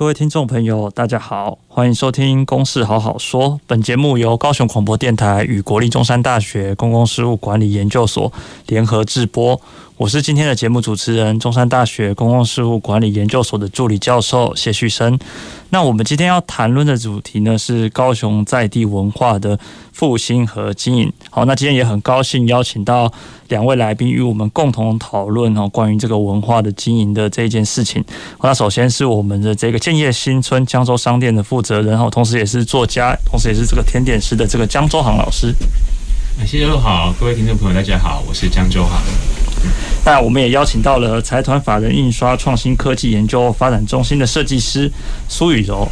各位聽眾朋友，大家好，歡迎收聽《公事好好說》。本節目由高雄廣播電台與國立中山大學公共事務管理研究所聯合制播。我是今天的節目主持人，中山大學公共事務管理研究所的助理教授謝旭昇。那我們今天要談論的主題呢，是高雄在地文化的復興和經營。好，那今天也很高興邀請到兩位來賓與我們共同討論哈，關於這個文化的經營的這一件事情。好，那首先是我們的這個建業新村江舟商店的負責人，然、喔、後同時也是作家，同時也是這個甜點師的這個江舟航老師。哎、啊，謝謝，好，各位聽眾朋友，大家好，我是江舟航。那我們也邀請到了財團法人印刷創新科技研究發展中心的設計師蘇宇柔。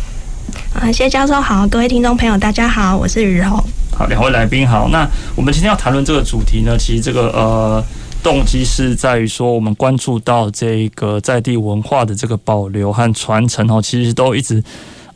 啊，謝教授好，各位聽眾朋友大家好，我是宇柔。好，兩位來賓好。那我們今天要談論這個主題呢，其實這個呃動機是在於說，我們關注到這個在地文化的這個保留和傳承哦，其實都一直。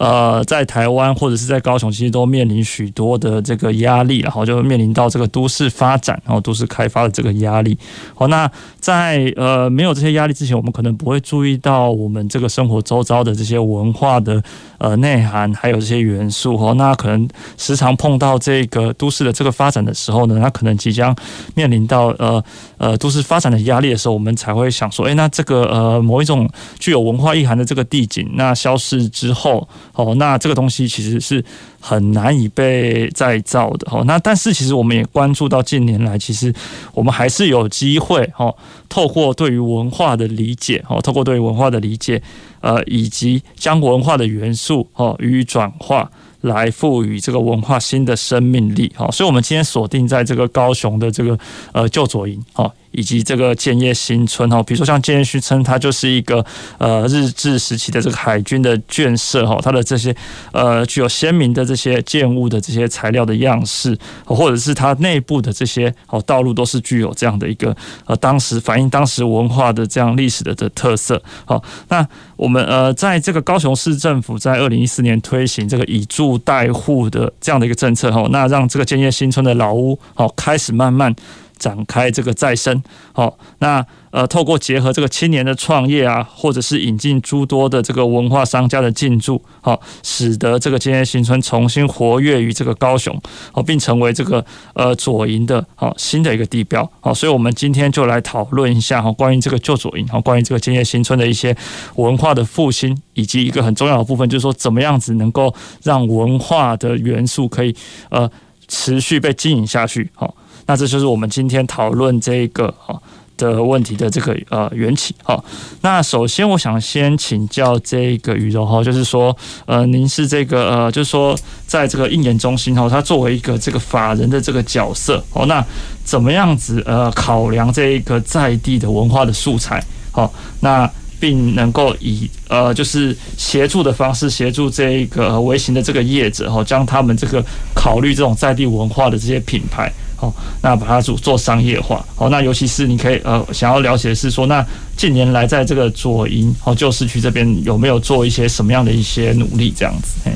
呃，在台灣或者是在高雄，其實都面臨許多的這個壓力，然後就面臨到這個都市發展，然後都市開發的這個壓力。好，那在呃，沒有這些壓力之前，我們可能不會注意到我們這個生活周遭的這些文化的。呃，內涵還有這些元素哦，那可能時常碰到這個都市的這個發展的時候呢，那可能即將面臨到呃呃都市發展的壓力的時候，我們才會想說，欸，那這個呃某一種具有文化意涵的這個地景，那消失之後，哦，那這個東西其實是。很難以被再造的哦，那但是其實我們也關注到近年來，其實我們還是有機會哦，透過對於文化的理解哦，透過對於文化的理解，呃，以及將文化的元素哦予以轉化，來賦予這個文化新的生命力哦，所以，我們今天鎖定在這個高雄的這個呃舊左營啊。以及這個建業新村哈，比如說像建業新村，它就是一個呃日治時期的這個海軍的眷舍，哈，它的這些呃具有鮮明的這些建物的這些材料的樣式，或者是它內部的這些哦道路都是具有這樣的一個呃當時反映當時文化的這樣歷史的的特色哦。那我們呃在這個高雄市政府在二零一四年推行這個以住代護的這樣的一個政策哦，那讓這個建業新村的老屋好開始慢慢。展開這個再生，好，那呃，透過結合這個青年的創業啊，或者是引進諸多的這個文化商家的進駐，好，使得這個建業新村重新活躍於這個高雄，好，並成為這個呃左營的好，新的一個地標，好，所以我們今天就來討論一下哈，關於這個舊左營，然後關於這個建業新村的一些文化的復興，以及一個很重要的部分，就是說怎麼樣子能夠讓文化的元素可以呃持續被經營下去，好。那這就是我們今天討論這個哈的問題的這個呃緣起哈。那首先，我想先請教這個宇柔哈，就是說呃，您是這個呃，就是說在這個印研中心哈，它作為一個這個法人的這個角色哦，那怎麼樣子呃考量這一個在地的文化的素材好？那、呃、並能夠以呃就是協助的方式協助這個微型的這個業者哈，將他們這個考慮這種在地文化的這些品牌。哦，那把它做做商業化，好，哦，那尤其是你可以呃，想要了解的是說，那近年來在這個左營哦舊市區這邊有沒有做一些什麼樣的一些努力這樣子？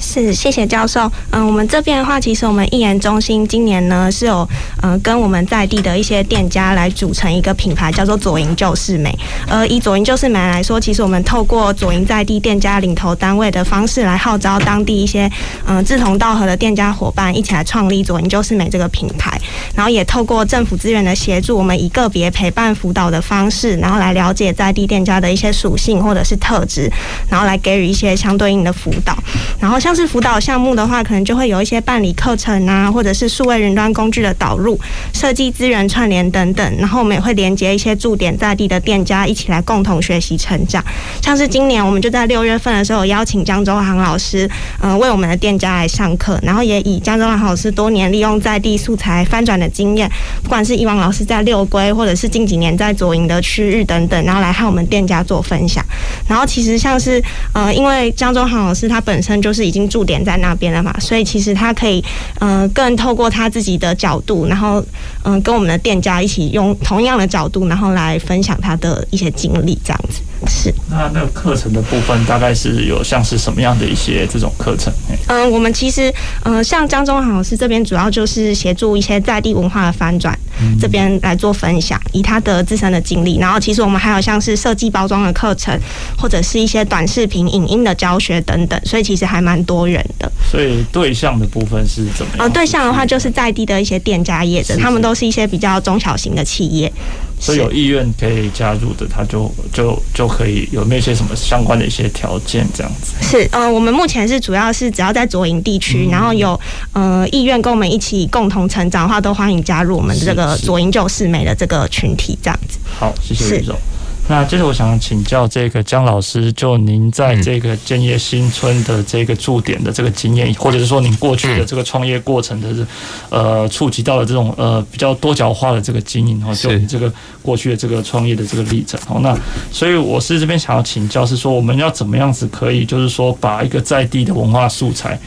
是，謝謝教授。嗯，我們這邊的話，其實我們印研中心今年呢是有，嗯，跟我們在地的一些店家來組成一個品牌，叫做“左營就是美”。而以“左營就是美”來說，其實我們透過左營在地店家領頭單位的方式來號召當地一些嗯志同道合的店家夥伴一起來創立“左營就是美”這個品牌。然後也透過政府資源的協助，我們以個別陪伴輔導的方式，然後來了解在地店家的一些屬性或者是特質，然後來給予一些相對應的輔導。然後像。像是輔導項目的話，可能就會有一些辦理課程啊，或者是數位雲端工具的導入、設計資源串聯等等。然後我們也會連接一些駐點在地的店家，一起來共同學習成長。像是今年，我們就在六月份的時候，邀請江舟航老師，嗯、呃，為我們的店家來上課。然後也以江舟航老師多年利用在地素材翻轉的經驗，不管是以往老師在六龜，或者是近幾年在左營的區域等等，然後來和我們店家做分享。然後其實像是，呃，因為江舟航老師他本身就是已經駐點在那邊的嘛，所以其實他可以，嗯、呃，更透過他自己的角度，然後嗯、呃，跟我們的店家一起用同樣的角度，然後來分享他的一些經歷，這樣子。是，那那個課程的部分大概是有像是什麼樣的一些這種課程？嗯，我們其實，呃，像江舟航老師這邊主要就是協助一些在地文化的翻轉，嗯、這邊來做分享，以他的自身的經歷。然後，其實我們還有像是設計包裝的課程，或者是一些短視頻、影音的教學等等，所以其實還蠻多元的。所以對象的部分是怎麼樣？呃，對象的話就是在地的一些店家業者，是是他們都是一些比較中小型的企業。所以有意願可以加入的，他就就就可以有那些什麼相關的一些條件這樣子。是，呃，我們目前是主要是只要在左營地區，嗯、然後有呃意願跟我們一起共同成長的話，都歡迎加入我們這個左營救四美的這個群體這樣子。好，謝謝宇柔。那接着我想請教這個江老師，就您在這個建業新村的這個駐點的這個經驗，或者是說您過去的這個創業過程的，呃，觸及到了這種呃比較多角化的這個經營哦，就你這個過去的這個創業的這個歷程哦。那所以我是這邊想要請教，是說我們要怎麼樣子可以，就是說把一個在地的文化素材。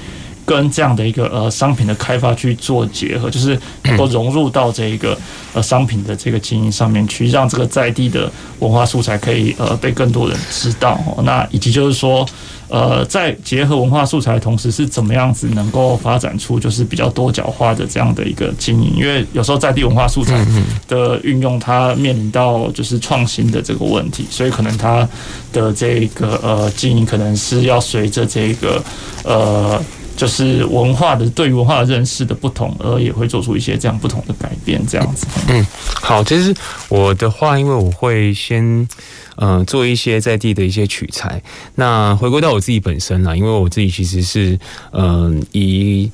跟這樣的一個呃商品的開發去做結合，就是能夠融入到這一個呃商品的這個經營上面去，讓這個在地的文化素材可以呃被更多人知道。那以及就是說，呃，在結合文化素材的同時，是怎麼樣子能夠發展出就是比較多角化的這樣的一個經營？因為有時候在地文化素材的運用，它面臨到就是創新的這個問題，所以可能它的這個呃經營可能是要隨着這個呃。就是文化的對於文化認識的不同，而也會做出一些這樣不同的改變，這樣子。嗯，好，其實我的話，因為我會先，呃，做一些在地的一些取材。那回歸到我自己本身啦，因為我自己其實是，嗯、呃，以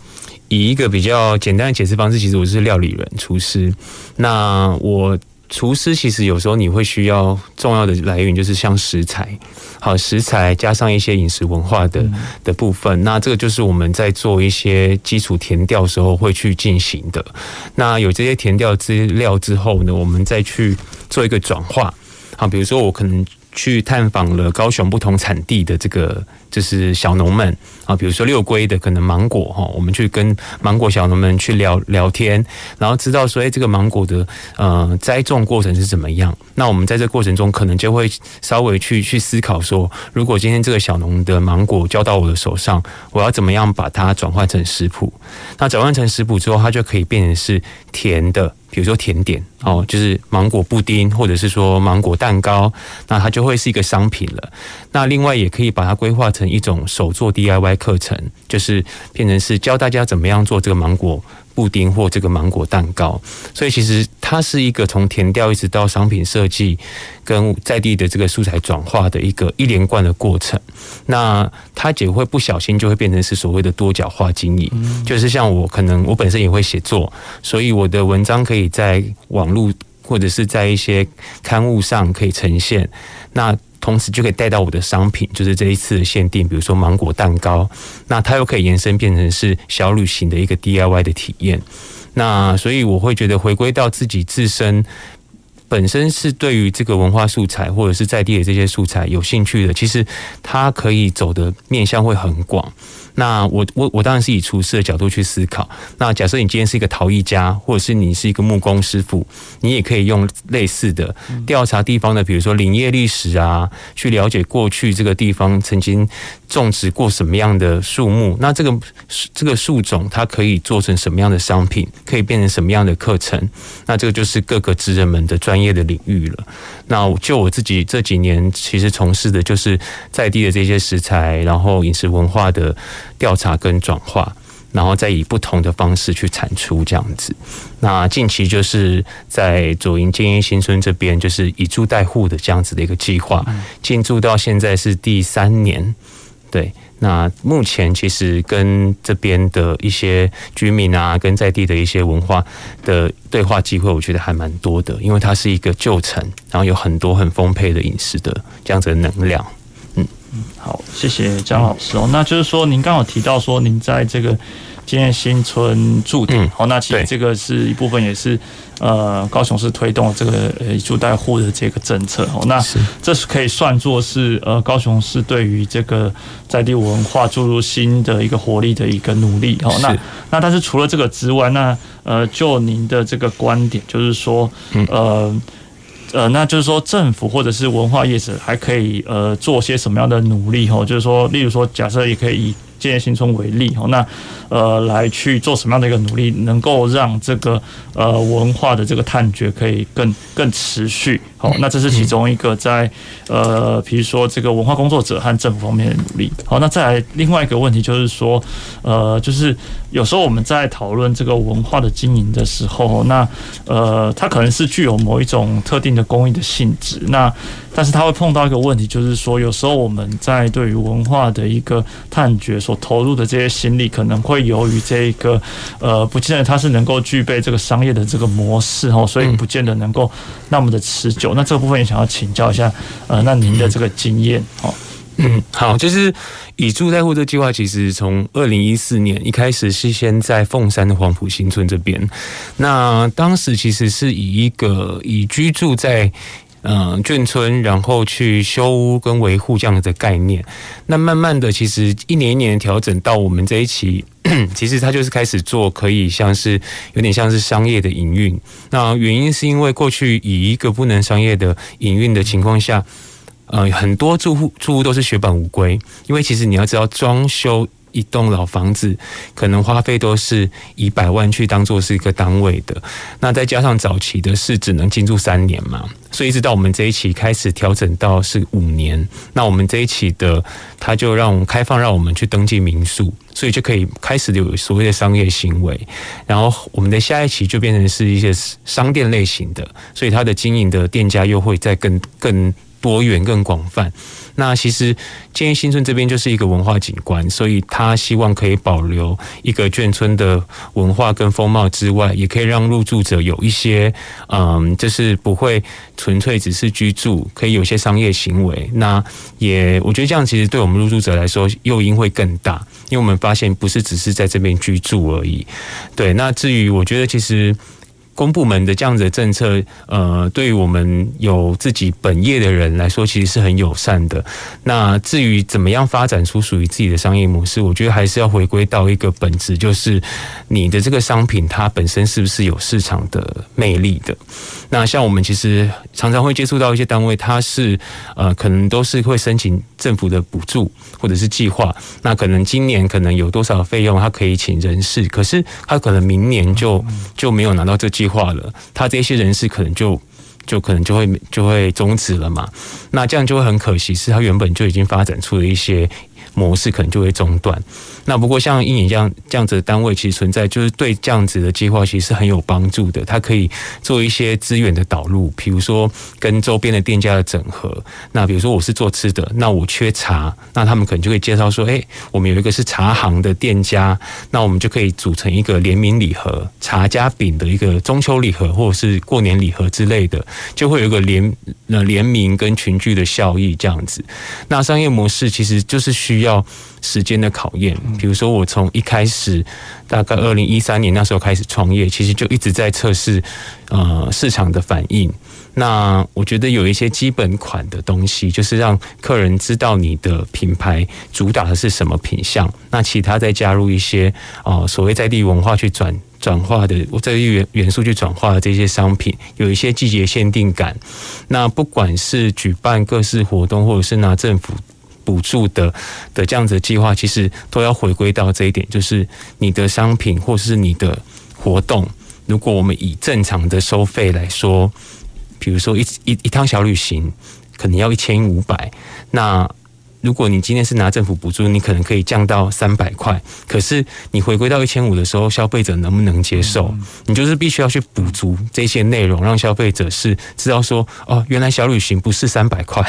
以一個比較簡單的解釋方式，其實我是料理人、廚師。那我。廚師其實有時候你會需要重要的來源，就是像食材，好食材加上一些飲食文化的、嗯、的部分。那這個就是我們在做一些基礎田調的時候會去進行的。那有這些田調資料之後呢，我們再去做一個轉化。好，比如說我可能。去探訪了高雄不同產地的這個就是小農們啊，比如說六龜的可能芒果哈，我們去跟芒果小農們去聊聊天，然後知道說，哎、欸，這個芒果的呃栽種過程是怎麼樣？那我們在這過程中，可能就會稍微去去思考說，如果今天這個小農的芒果交到我的手上，我要怎麼樣把它轉換成食譜？那轉換成食譜之後，它就可以變成是甜的。比如說甜點哦，就是芒果布丁，或者是說芒果蛋糕，那它就會是一個商品了。那另外也可以把它規劃成一種手作 DIY 課程，就是變成是教大家怎麼樣做這個芒果，布丁，或這個芒果蛋糕，所以其實它是一個從田調一直到商品設計跟在地的這個素材轉化的一個一連貫的過程。那它也會不小心就會變成是所謂的多角化經營，就是像我可能我本身也會寫作，所以我的文章可以在網路，或者是在一些刊物上可以呈現。那同時就可以帶到我的商品，就是這一次的限定，比如說芒果蛋糕，那它又可以延伸變成是小旅行的一個 DIY 的體驗。那所以我會覺得回歸到自己自身，本身是對於這個文化素材或者是在地的這些素材有興趣的，其實它可以走的面向會很廣。那我我我當然是以廚師的角度去思考。那假設你今天是一個陶藝家，或者是你是一個木工師傅，你也可以用類似的調查地方的，比如說林業歷史啊，去了解過去這個地方曾經種植過什麼樣的樹木。那這個這個樹種它可以做成什麼樣的商品，可以變成什麼樣的課程？那這個就是各個職人們的專業的領域了。那就我自己這幾年其實從事的，就是在地的這些食材，然後飲食文化的調查跟轉化，然後再以不同的方式去產出這樣子。那近期就是在左營建業新村這邊，就是以住代護的這樣子的一個計劃進駐到現在是第三年。對，那目前其實跟這邊的一些居民啊，跟在地的一些文化的對話機會，我覺得還蠻多的，因為它是一個舊城，然後有很多很豐沛的飲食的這樣子的能量。好，謝謝江老師哦。嗯、那就是說，您剛好提到說，您在這個建業新村住的好，嗯、那其實這個是一部分，也是對 呃，高雄市推動了這個呃以住代護的這個政策好、嗯、那這是可以算作是呃高雄市對於這個在地文化注入新的一個活力的一個努力好、呃、是那那但是除了這個之外，那呃，就您的這個觀點，就是說，呃、嗯。呃，那就是說，政府或者是文化業者還可以呃做些什麼樣的努力？吼，就是說，例如說，假設也可以以建業新村為例，吼，那呃來去做什麼樣的一個努力，能夠讓這個呃文化的這個探掘可以更更持續。好，那這是其中一個在呃，比如說這個文化工作者和政府方面的努力。好，那再來另外一個問題就是說，呃，就是有時候我們在討論這個文化的經營的時候，那呃，它可能是具有某一種特定的公益的性質。那但是它會碰到一個問題，就是說有時候我們在對於文化的一個探究所投入的這些心力，可能會由於這個呃，不見得它是能夠具備這個商業的這個模式哦，所以不見得能夠那麼的持久。那這部分也想要請教一下，呃，那您的這個經驗，哦，嗯，嗯好，就是以住代護的計劃，其實從二零一四年一開始是先在鳳山的黃埔新村這邊，那當時其實是以一個以居住在。嗯、呃，眷村，然後去修屋跟維護這樣的概念，那慢慢的，其實一年一年調整到我們這一期，其實它就是開始做可以像是有點像是商業的營運。那原因是因為過去以一個不能商業的營運的情況下，呃，很多住戶住戶都是血本無歸，因為其實你要知道裝修。一棟老房子，可能花費都是以百萬去當做是一個單位的，那再加上早期的是只能進駐三年嘛，所以一直到我們這一期開始調整到是五年，那我們這一期的他就讓我們開放讓我們去登記民宿，所以就可以開始有所謂的商業行為，然後我們的下一期就變成是一些商店類型的，所以它的經營的店家又會再更更多元更廣泛。那其實建業新村這邊就是一個文化景觀，所以他希望可以保留一個眷村的文化跟風貌之外，也可以讓入住者有一些，嗯，就是不會純粹只是居住，可以有些商業行為。那也我覺得這樣其實對我們入住者來說，誘因會更大，因為我們發現不是只是在這邊居住而已。對，那至於我覺得其實。公部門的這樣子的政策，呃，對於我們有自己本業的人來說，其實是很友善的。那至於怎麼樣發展出屬於自己的商業模式，我覺得還是要回歸到一個本質，就是你的這個商品它本身是不是有市場的魅力的？那像我們其實常常會接觸到一些單位，它是呃，可能都是會申請政府的補助或者是計劃。那可能今年可能有多少費用，它可以請人事，可是它可能明年就就沒有拿到這計。化了，他這些人士可能就就可能就會就會終止了嘛，那這樣就會很可惜，是他原本就已經發展出了一些模式可能就會中斷。那不過像印研這樣這樣子的單位，其實存在就是對這樣子的計劃，其實是很有幫助的。它可以做一些資源的導入，比如說跟周邊的店家的整合。那比如說我是做吃的，那我缺茶，那他們可能就會介紹說：“哎、欸，我們有一個是茶行的店家，那我們就可以組成一個聯名禮盒，茶加餅的一個中秋禮盒或者是過年禮盒之類的，就會有一個聯、呃、聯名跟群聚的效益這樣子。那商業模式其實就是需要。到時間的考驗，比如說我從一開始，大概二零一三年那時候開始創業，其實就一直在測試，呃，市場的反應。那我覺得有一些基本款的東西，就是讓客人知道你的品牌主打的是什麼品項。那其他再加入一些，哦、呃、所謂在地文化去轉轉化的這些元元素去轉化的這些商品，有一些季節限定感。那不管是舉辦各式活動，或者是拿政府。補助的的這樣子的計劃，其實都要回歸到這一點，就是你的商品或是你的活動，如果我們以正常的收費來說，比如說一一一趟小旅行，可能要一千五百，那。如果你今天是拿政府補助，你可能可以降到三百塊。可是你回歸到一千五的時候，消費者能不能接受？你就是必須要去補足這些內容，讓消費者是知道說哦，原來小旅行不是三百塊，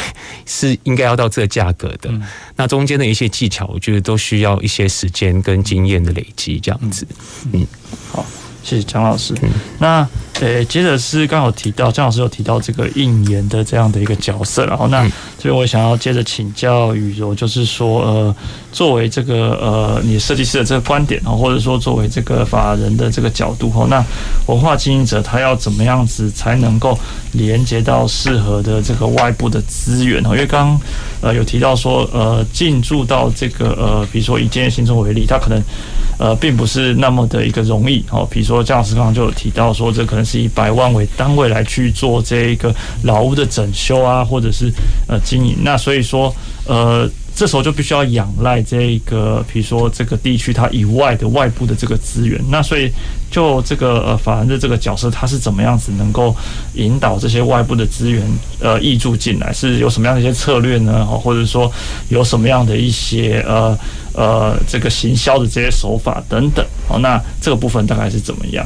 是應該要到這個價格的。嗯、那中間的一些技巧，我覺得都需要一些時間跟經驗的累積，這樣子。嗯，好，謝謝江老師。嗯，那誒、欸，接着是剛好提到江老師有提到這個應援的這樣的一個角色，然後那。所以我想要接着請教宇柔，就是說，呃，作為這個呃你設計師的這個觀點哦，或者說作為這個法人的這個角度哦，那文化經營者他要怎麼樣子才能夠連接到適合的這個外部的資源哦？因為剛剛呃有提到說，呃進駐到這個呃，比如說以建業新村為例，他可能呃並不是那麼的一個容易哦。比如說江老師剛剛就有提到說，這可能是以百萬為單位來去做這一個老屋的整修啊，或者是呃。經營。那所以說，呃，這時候就必須要仰賴這個，比如說這個地區它以外的外部的這個資源。那所以就這個呃法人的這個角色，它是怎麼樣子能夠引導這些外部的資源呃挹注進來？是有什麼樣的一些策略呢？好，或者說有什麼樣的一些呃呃這個行銷的這些手法等等。好，那這個部分大概是怎麼樣？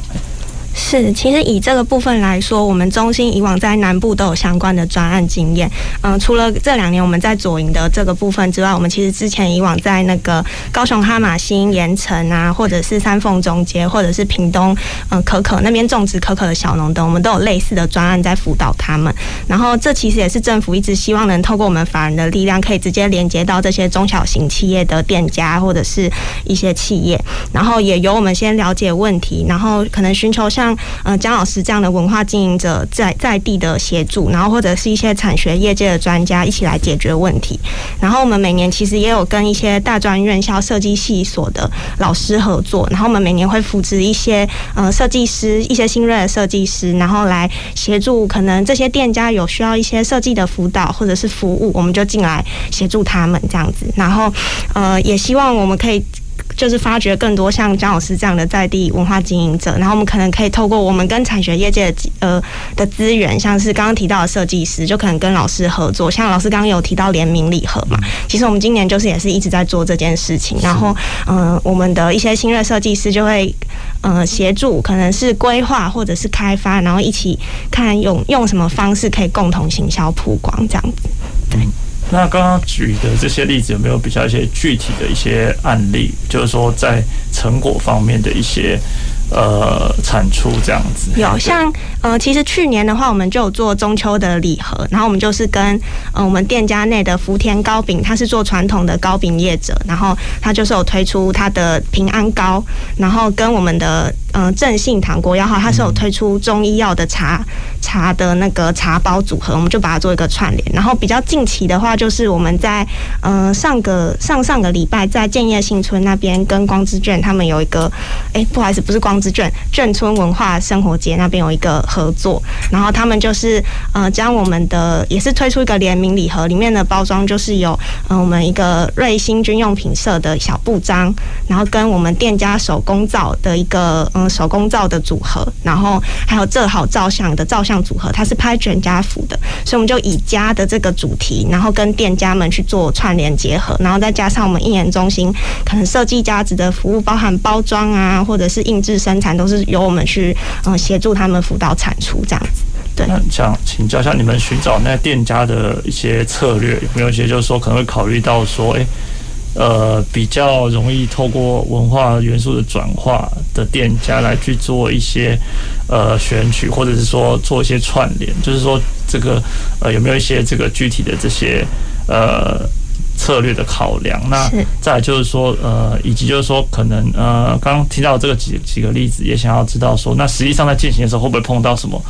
是，其實以這個部分來說，我們中心以往在南部都有相關的專案經驗。嗯、呃，除了這兩年我們在左營的這個部分之外，我們其實之前以往在那個高雄哈瑪星鹽埕啊，或者是三鳳中街，或者是屏東嗯、呃、可可那邊種植可可的小農等，我們都有類似的專案在輔導他們。然後，這其實也是政府一直希望能透過我們法人的力量，可以直接連接到這些中小型企業的店家或者是一些企業，然後也由我們先了解問題，然後可能尋求像。像呃江老師這樣的文化經營者在在地的協助，然後或者是一些產學業界的專家一起來解決問題。然後我們每年其實也有跟一些大專院校設計系所的老師合作，然後我們每年會扶持一些呃設計師，一些新銳的設計師，然後來協助可能這些店家有需要一些設計的輔導或者是服務，我們就進來協助他們這樣子。然後呃也希望我們可以。就是發掘更多像江老師這樣的在地文化經營者，然後我們可能可以透過我們跟產學業界呃的資源，像是剛剛提到的設計師，就可能跟老師合作。像老師剛剛有提到聯名禮盒嘛，其實我們今年就是也是一直在做這件事情。是的。然後，嗯、呃，我們的一些新銳設計師就會呃協助，可能是規劃或者是開發，然後一起看用用什麼方式可以共同行銷曝光這樣子，對。那剛剛舉的這些例子有沒有比較一些具體的一些案例？就是說在成果方面的一些呃產出這樣子。有對像呃，其實去年的話，我們就有做中秋的禮盒，然後我們就是跟呃我們店家內的福田糕餅，他是做傳統的糕餅業者，然後他就是有推出他的平安糕，然後跟我們的。嗯、呃，正信堂國藥號它是有推出中醫藥的茶茶的那個茶包組合，我們就把它做一個串聯。然後比較近期的話，就是我們在嗯、呃、上個上上個禮拜在建業新村那邊跟光之眷他們有一個，哎、欸、不好意思，不是光之眷，眷村文化生活節那邊有一個合作。然後他們就是呃將我們的也是推出一個聯名禮盒，裡面的包裝就是有嗯、呃、我們一個瑞興軍用品社的小布章，然後跟我們店家手工皂的一個嗯。呃手工皂的組合，然後還有正好照相的照相組合，它是拍全家福的，所以我們就以家的這個主題，然後跟店家們去做串聯結合，然後再加上我們印研中心可能設計價值的服務，包含包裝啊，或者是印制生產，都是由我們去嗯呃、協助他們輔導產出這樣子。對，那想請教一下你們尋找那店家的一些策略，有沒有一些就是說可能會考慮到說，誒、欸。呃，比較容易透過文化元素的轉化的店家來去做一些呃選取，或者是說做一些串聯，就是說，這個呃有沒有一些這個具體的這些呃策略的考量？那是再來就是說呃，以及就是說可能呃剛剛聽到的這個幾幾個例子，也想要知道說，那實際上在進行的時候會不會碰到什麼？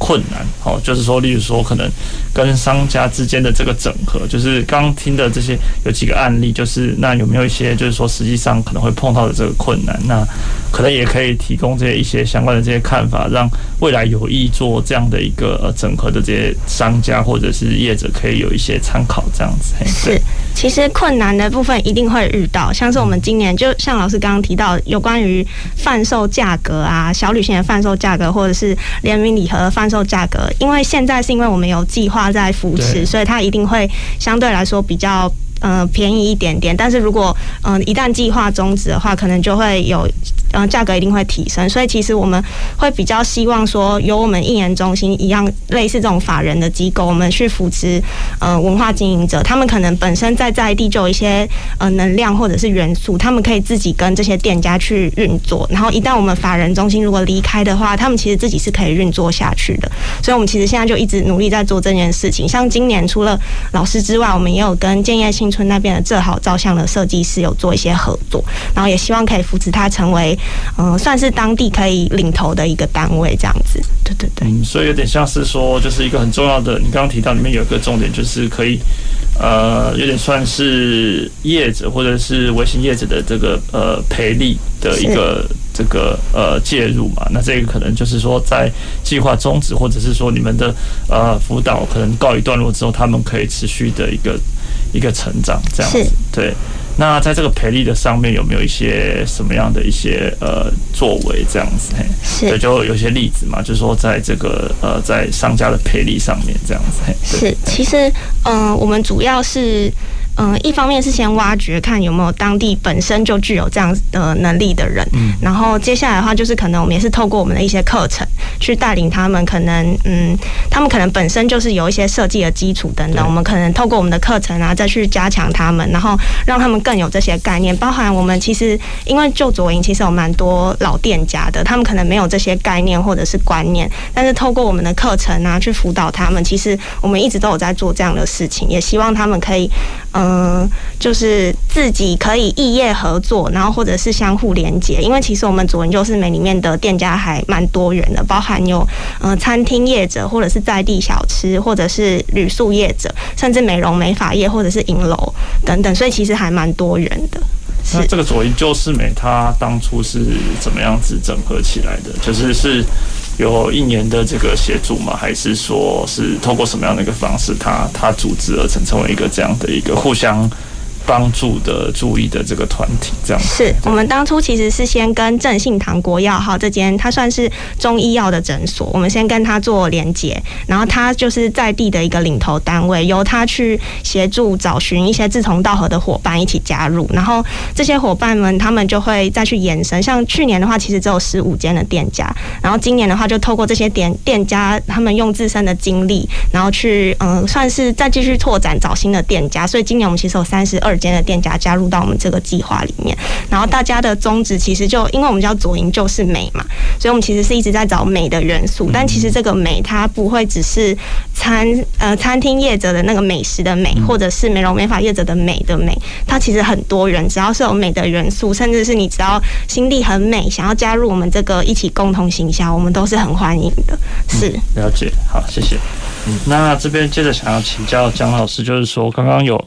困難，哦，就是說，例如說，可能跟商家之間的這個整合，就是剛聽的這些有幾個案例，就是那有沒有一些，就是說，實際上可能會碰到的這個困難，那可能也可以提供這些一些相關的這些看法，讓未來有意做這樣的一個整合的這些商家或者是業者可以有一些參考，這樣子。是，其實困難的部分一定會遇到，像是我們今年，就像老師剛剛提到，有關於販售價格啊，小旅行的販售價格，或者是聯名禮盒販。售價格，因為現在是因為我們有計劃在扶持，對所以它一定會相對來說比較。嗯，便宜一點點，但是如果嗯一旦計劃終止的話，可能就會有嗯價格一定會提升，所以其實我們會比較希望說，由我們印研中心一樣類似這種法人的機構，我們去扶持呃文化經營者，他們可能本身在在地就有一些呃能量或者是元素，他們可以自己跟這些店家去運作，然後一旦我們法人中心如果離開的話，他們其實自己是可以運作下去的，所以我們其實現在就一直努力在做這件事情，像今年除了老師之外，我們也有跟建業青。村那邊的正好照相的設計師有做一些合作，然後也希望可以扶持他成為，嗯、呃，算是當地可以領頭的一個單位這樣子。對對對、嗯，所以有點像是說，就是一個很重要的。你剛剛提到裡面有一個重點，就是可以，呃，有點算是業者或者是微型業者的這個呃培力的一個是這個呃介入嘛。那這個可能就是說在，在計劃終止或者是說你們的呃輔導可能告一段落之後，他們可以持續的一個。一個成長這樣子，是。對。那在這個賠率的上面有沒有一些什麼樣的一些呃作為這樣子？是，對，就有些例子嘛，就是說在這個呃在商家的賠率上面這樣子。是，其實嗯，呃，我們主要是。嗯、呃，一方面是先挖掘，看有沒有當地本身就具有這樣的能力的人，嗯、然後接下來的話就是可能我們也是透過我們的一些課程去帶領他們，可能嗯，他們可能本身就是有一些設計的基礎等等，對 我們可能透過我們的課程啊再去加強他們，然後讓他們更有這些概念。包含我們其實因為舊左營，其實有蠻多老店家的，他們可能沒有這些概念或者是觀念，但是透過我們的課程啊去輔導他們，其實我們一直都有在做這樣的事情，也希望他們可以。嗯，就是自己可以異業合作，然後或者是相互連接。因為其實我們左營舊市美裡面的店家還蠻多元的，包含有嗯、呃、餐廳業者，或者是在地小吃，或者是旅宿業者，甚至美容美髮業或者是影樓等等，所以其實還蠻多元的。是那這個左營舊市美，它當初是怎麼樣子整合起來的？就是是。有一年的這個協助嗎？還是說是通過什麼樣的一個方式，他他組織而成，成為一個這樣的一個互相？幫助的、注意的這個團體，這樣子是我們當初其實是先跟正信堂國藥號這間，它算是中醫藥的診所。我們先跟他做連接，然後他就是在地的一個領頭單位，由他去協助找尋一些志同道合的夥伴一起加入。然後這些夥伴們，他們就會再去延伸。像去年的話，其實只有十五間的店家，然後今年的話，就透過這些店店家，他們用自身的經歷，然後去嗯，算是再繼續拓展找新的店家。所以今年我們其實有三十二間的店家加入到我們這個計劃裡面，然後大家的宗旨其實就，因為我們叫“左營，就是美”嘛，所以我們其實是一直在找美的元素。但其實這個美，它不會只是餐呃餐廳業者的那個美食的美，或者是美容美髮業者的美的美，它其實很多人只要是有美的元素，甚至是你只要心地很美，想要加入我們這個一起共同行銷，我們都是很歡迎的。是，嗯、了解，好，謝謝。嗯，那、啊、這邊接着想要請教江老師，就是說剛剛有。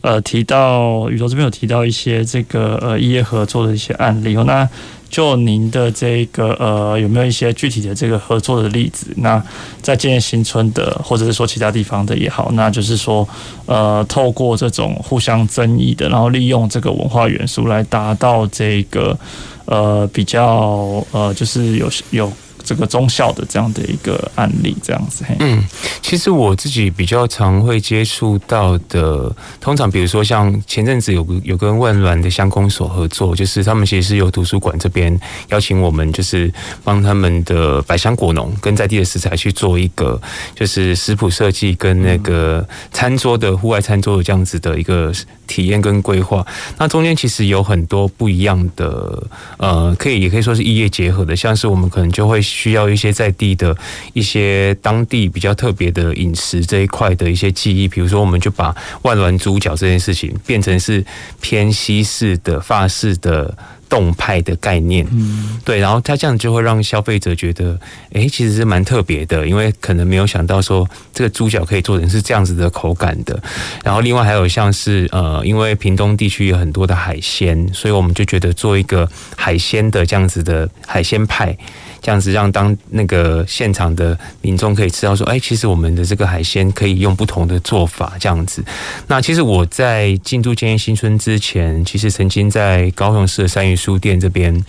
呃，提到宇柔這邊有提到一些這個呃，異業合作的一些案例，哦，那就您的這個呃，有沒有一些具體的這個合作的例子？那在建業新村的，或者是說其他地方的也好，那就是說呃，透過這種互相爭議的，然後利用這個文化元素來達到這個呃比較呃，就是有有。這個中校的這樣的一個案例，這樣子。嗯，其實我自己比較常會接觸到的，通常比如說像前陣子有有跟萬巒的鄉公所合作，就是他們其實是由圖書館這邊邀請我們，就是幫他們的百香果農跟在地的食材去做一個，就是食譜設計跟那個餐桌的戶外餐桌的這樣子的一個體驗跟規劃。那中間其實有很多不一樣的，呃，可以也可以說是異業結合的，像是我們可能就會。需要一些在地的一些當地比較特別的飲食這一塊的一些記憶，比如說我們就把萬巒豬腳這件事情變成是偏西式的法式的凍派的概念，嗯，對，然後它這樣就會讓消費者覺得，誒、欸，其實是蠻特別的，因為可能沒有想到說這個豬腳可以做成是這樣子的口感的。然後另外還有像是呃，因為屏東地區有很多的海鮮，所以我們就覺得做一個海鮮的這樣子的海鮮派。這樣子讓當那個現場的民眾可以吃到說，哎、欸，其實我們的這個海鮮可以用不同的做法這樣子。那其實我在進駐建業新村之前，其實曾經在高雄市的三餘書店這邊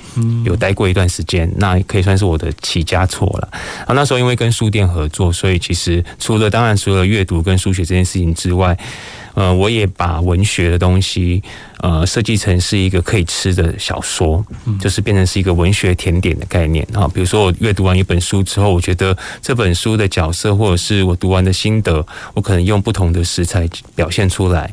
有待過一段時間，嗯、那可以算是我的起家厝了。啊，那時候因為跟書店合作，所以其實除了當然除了閱讀跟書寫這件事情之外。呃，我也把文學的東西，呃，設計成是一個可以吃的小說，就是變成是一個文學甜點的概念啊。比如說，我閱讀完一本書之後，我覺得這本書的角色，或者是我讀完的心得，我可能用不同的食材表現出來。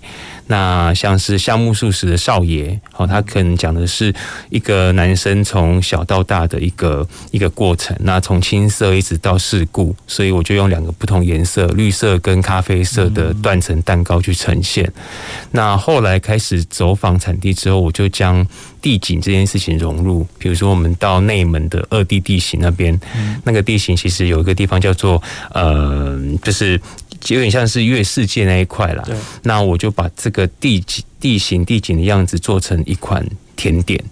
那像是夏目漱石的少爺，好，他可能講的是一個男生從小到大的一個一個過程。那從青澀一直到世故，所以我就用兩個不同顏色，綠色跟咖啡色的斷層蛋糕去呈現。嗯嗯，那後來開始走訪產地之後，我就將地景這件事情融入，比如說我們到內門的惡地地形那邊，嗯、那個地形其實有一個地方叫做呃，就是。有點像是月世界那一塊啦。對那我就把這個地景、地形、地景的樣子做成一款甜點。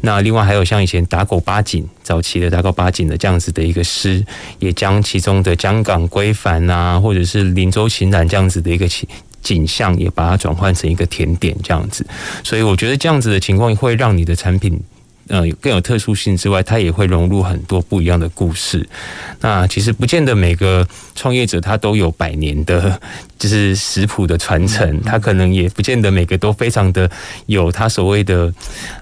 那另外還有像以前打狗八景，早期的打狗八景的這樣子的一個詩，也將其中的江港歸帆啊，或者是林州晴染這樣子的一個景景象，也把它轉換成一個甜點這樣子。所以我覺得這樣子的情況，會讓你的產品。呃，更有特殊性之外，它也會融入很多不一樣的故事。那其實不見得每個創業者他都有百年的就是食譜的傳承，他可能也不見得每個都非常的有他所謂的，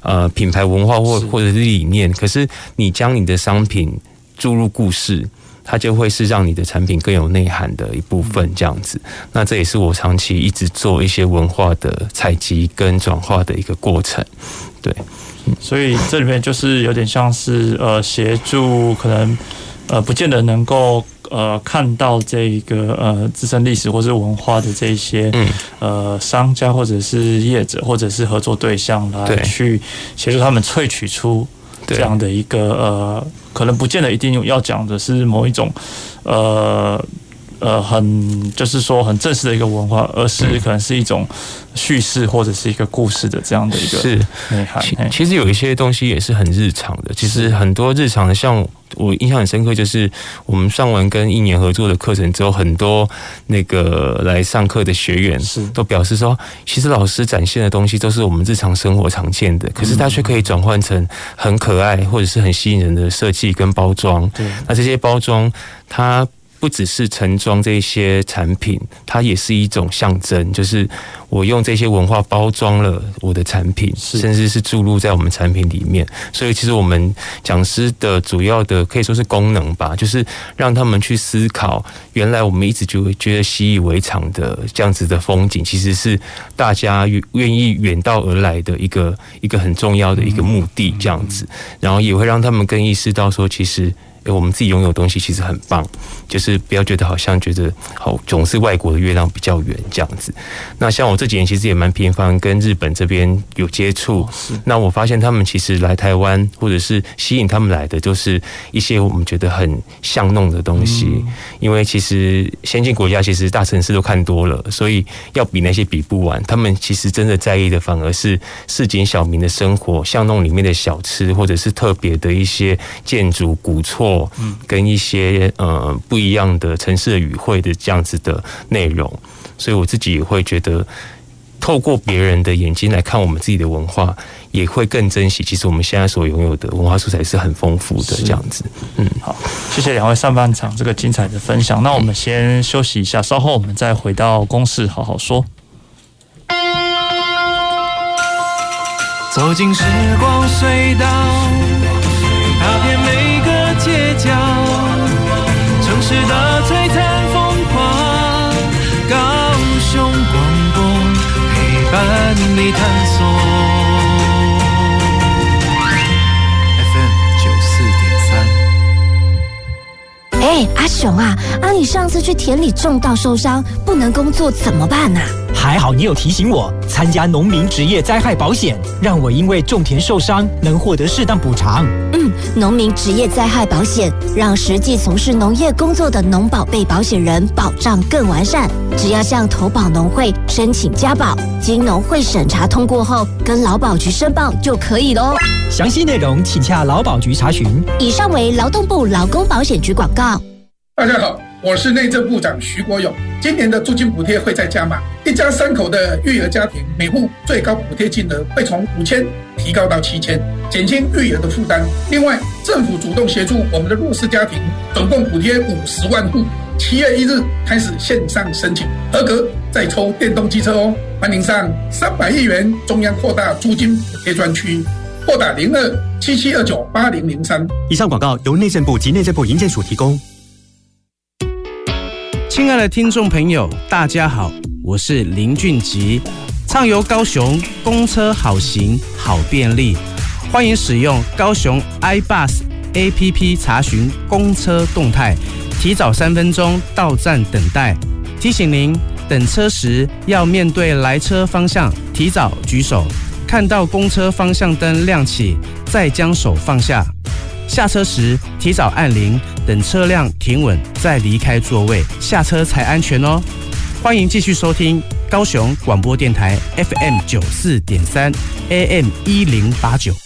呃，品牌文化或，或者是理念。可是你將你的商品注入故事。它就會是讓你的產品更有內涵的一部分，這樣子。那這也是我長期一直做一些文化的採集跟轉化的一個過程，對。所以這裡面就是有點像是呃，協助可能呃，不見得能夠呃，看到這一個呃自身歷史或者是文化的這一些、嗯、呃商家或者是業者或者是合作對象來去協助他們萃取出。對 這樣的一個呃，可能不見得一定要講的是某一種，呃。呃，很就是說很正式的一個文化，而是可能是一種敘事或者是一個故事的這樣的一個。是，其實其實有一些東西也是很日常的。其實很多日常的，像我印象很深刻，就是我們上完跟一年合作的課程之後，很多那個來上課的學員是都表示說，其實老師展現的東西都是我們日常生活常見的，可是它卻可以轉換成很可愛或者是很吸引人的設計跟包裝。對，那這些包裝它。不只是盛裝這些產品，它也是一種象徵。就是我用這些文化包裝了我的產品，甚至是注入在我們產品裡面。是所以，其實我們講師的主要的可以說是功能吧，就是讓他們去思考，原來我們一直就覺得習以為常的這樣子的風景，其實是大家願意遠道而來的一個一個很重要的一個目的。這樣子，嗯嗯嗯嗯，然後也會讓他們更意識到說，其實誒、欸，我們自己擁有東西其實很棒。就是不要覺得好像覺得好總是外國的月亮比較圓這樣子。那像我這幾年其實也蠻頻繁跟日本這邊有接觸。那我發現他們其實來台灣或者是吸引他們來的，就是一些我們覺得很巷弄的東西。因為其實先進國家其實大城市都看多了，所以要比那些比不完。他們其實真的在意的，反而是市井小民的生活，巷弄裡面的小吃，或者是特別的一些建築古厝。跟一些呃不。不一樣的城市的語彙的這樣子的內容，所以我自己也會覺得，透過別人的眼睛來看我們自己的文化，也會更珍惜。其實我們現在所擁有的文化素材是很豐富的，這樣子。嗯，好，謝謝兩位上半場這個精彩的分享。那我們先休息一下，稍後我們再回到公事好好說。走進時光隧道。嗯瘋狂、高雄廣播陪伴你探索。FM 九四點三。哎，阿雄啊，啊，你上次去田裡種稻受傷，不能工作怎麼辦呢？啊？還好你有提醒我參加農民職業災害保險，讓我因為種田受傷能獲得適當補償。嗯，農民職業災害保險讓實際從事農業工作的農保被保險人保障更完善。只要向投保農會申請加保，經農會審查通過後，跟勞保局申報就可以嘍。詳細內容請洽勞保局查詢。以上為勞動部勞工保險局廣告。大家好。我是內政部長徐國勇。今年的租金補貼會再加碼，一家三口的育兒家庭每戶最高補貼金額會從五千提高到七千，減輕育兒的負擔。另外，政府主動協助我們的弱勢家庭，總共補貼五十萬戶。七月一日開始線上申請，合格再抽電動機車哦。歡迎上三百億元中央擴大租金補貼專區，撥打零二七七二九八零零三。以上廣告由內政部及內政部營建署提供。親愛的聽眾朋友，大家好，我是林俊吉。暢遊高雄，公車好行好便利，歡迎使用高雄 iBus APP 查詢公車動態，提早三分鐘到站等待。提醒您，等車時要面對來車方向，提早舉手，看到公車方向燈亮起，再將手放下。下車時，提早按鈴，等車輛停穩再離開座位，下車才安全哦。歡迎繼續收聽高雄廣播電台 FM 九四點三，AM 一零八九。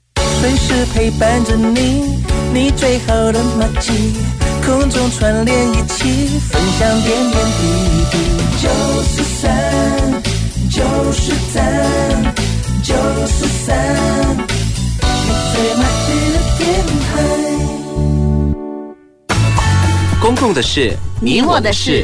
隨時陪伴着你，你最好的麻吉，空中串連，一起分享點點滴滴。九四三,、九四、三九四三九四三，你最麻吉的電台。公共的事，你我的事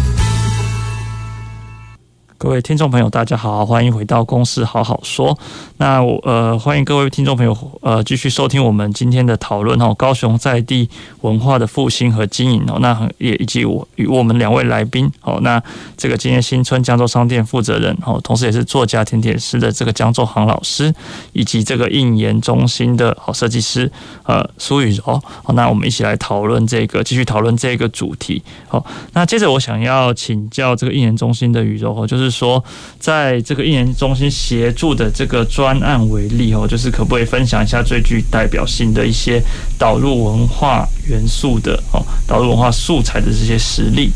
各位聽眾朋友，大家好，歡迎回到《公事好好說》那。那我呃，歡迎各位聽眾朋友呃，繼續收聽我們今天的討論哦。高雄在地文化的復興和經營哦，那也以及我與我們兩位來賓哦，那這個建業新村江舟商店負責人哦，同時也是作家甜點師的這個江舟航老師，以及這個印研中心的好設計師呃蘇宇柔好、哦，那我們一起來討論這個，繼續討論這個主題。好、哦，那接着我想要請教這個印研中心的宇柔哦，就是。說，在這個印研中心協助的這個專案為例哦，就是可不可以分享一下最具代表性的一些導入文化元素的哦，導入文化素材的這些實例？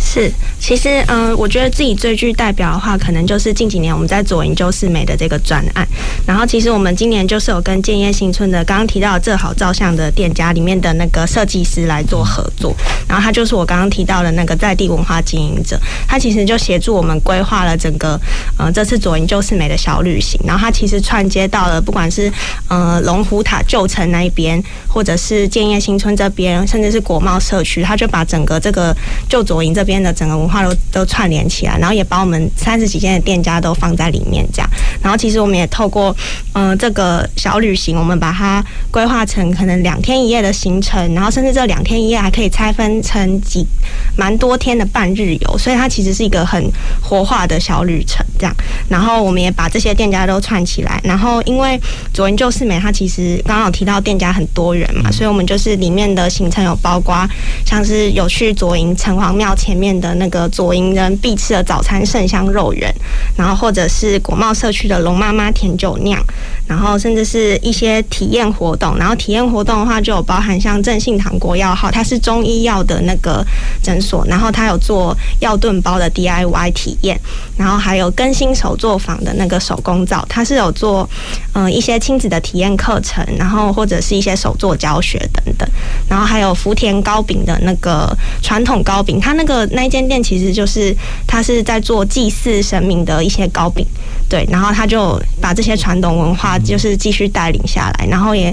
是，其實嗯、呃，我覺得自己最具代表的話，可能就是近幾年我們在左營舊市美的這個專案。然後，其實我們今年就是有跟建業新村的剛剛提到正好照相的店家裡面的那個設計師來做合作。然後，他就是我剛剛提到的那個在地文化經營者，他其實就協助我們規劃了整個呃這次左營舊市美的小旅行。然後，他其實串接到了不管是呃龍虎塔舊城那一邊，或者是建業新村這邊，甚至是國貿社區，他就把整個這個舊左營這。邊的整個文化都都串聯起來，然後也把我們三十幾間的店家都放在裡面這樣。然後其實我們也透過嗯、呃、這個小旅行，我們把它規劃成可能兩天一夜的行程，然後甚至這兩天一夜還可以拆分成幾蠻多天的半日遊，所以它其實是一個很活化的小旅程這樣。然後我們也把這些店家都串起來，然後因為左營舊市美它其實剛剛有提到店家很多人嘛，所以我們就是裡面的行程有包括像是有去左營城隍廟前面，裡面的那個左營人必吃的早餐聖香肉圓，然後或者是果貿社區的龍媽媽甜酒釀。然後甚至是一些體驗活動，然後體驗活動的話就有包含像正信堂國藥號，它是中醫藥的那個診所，然後它有做藥燉包的 DIY 體驗，然後還有更新手作坊的那個手工皂，它是有做嗯、呃、一些親子的體驗課程，然後或者是一些手作教學等等，然後還有福田糕餅的那個傳統糕餅，它那個那一間店其實就是它是在做祭祀神明的一些糕餅，對，然後它就把這些傳統文化，就是繼續帶領下來，然後也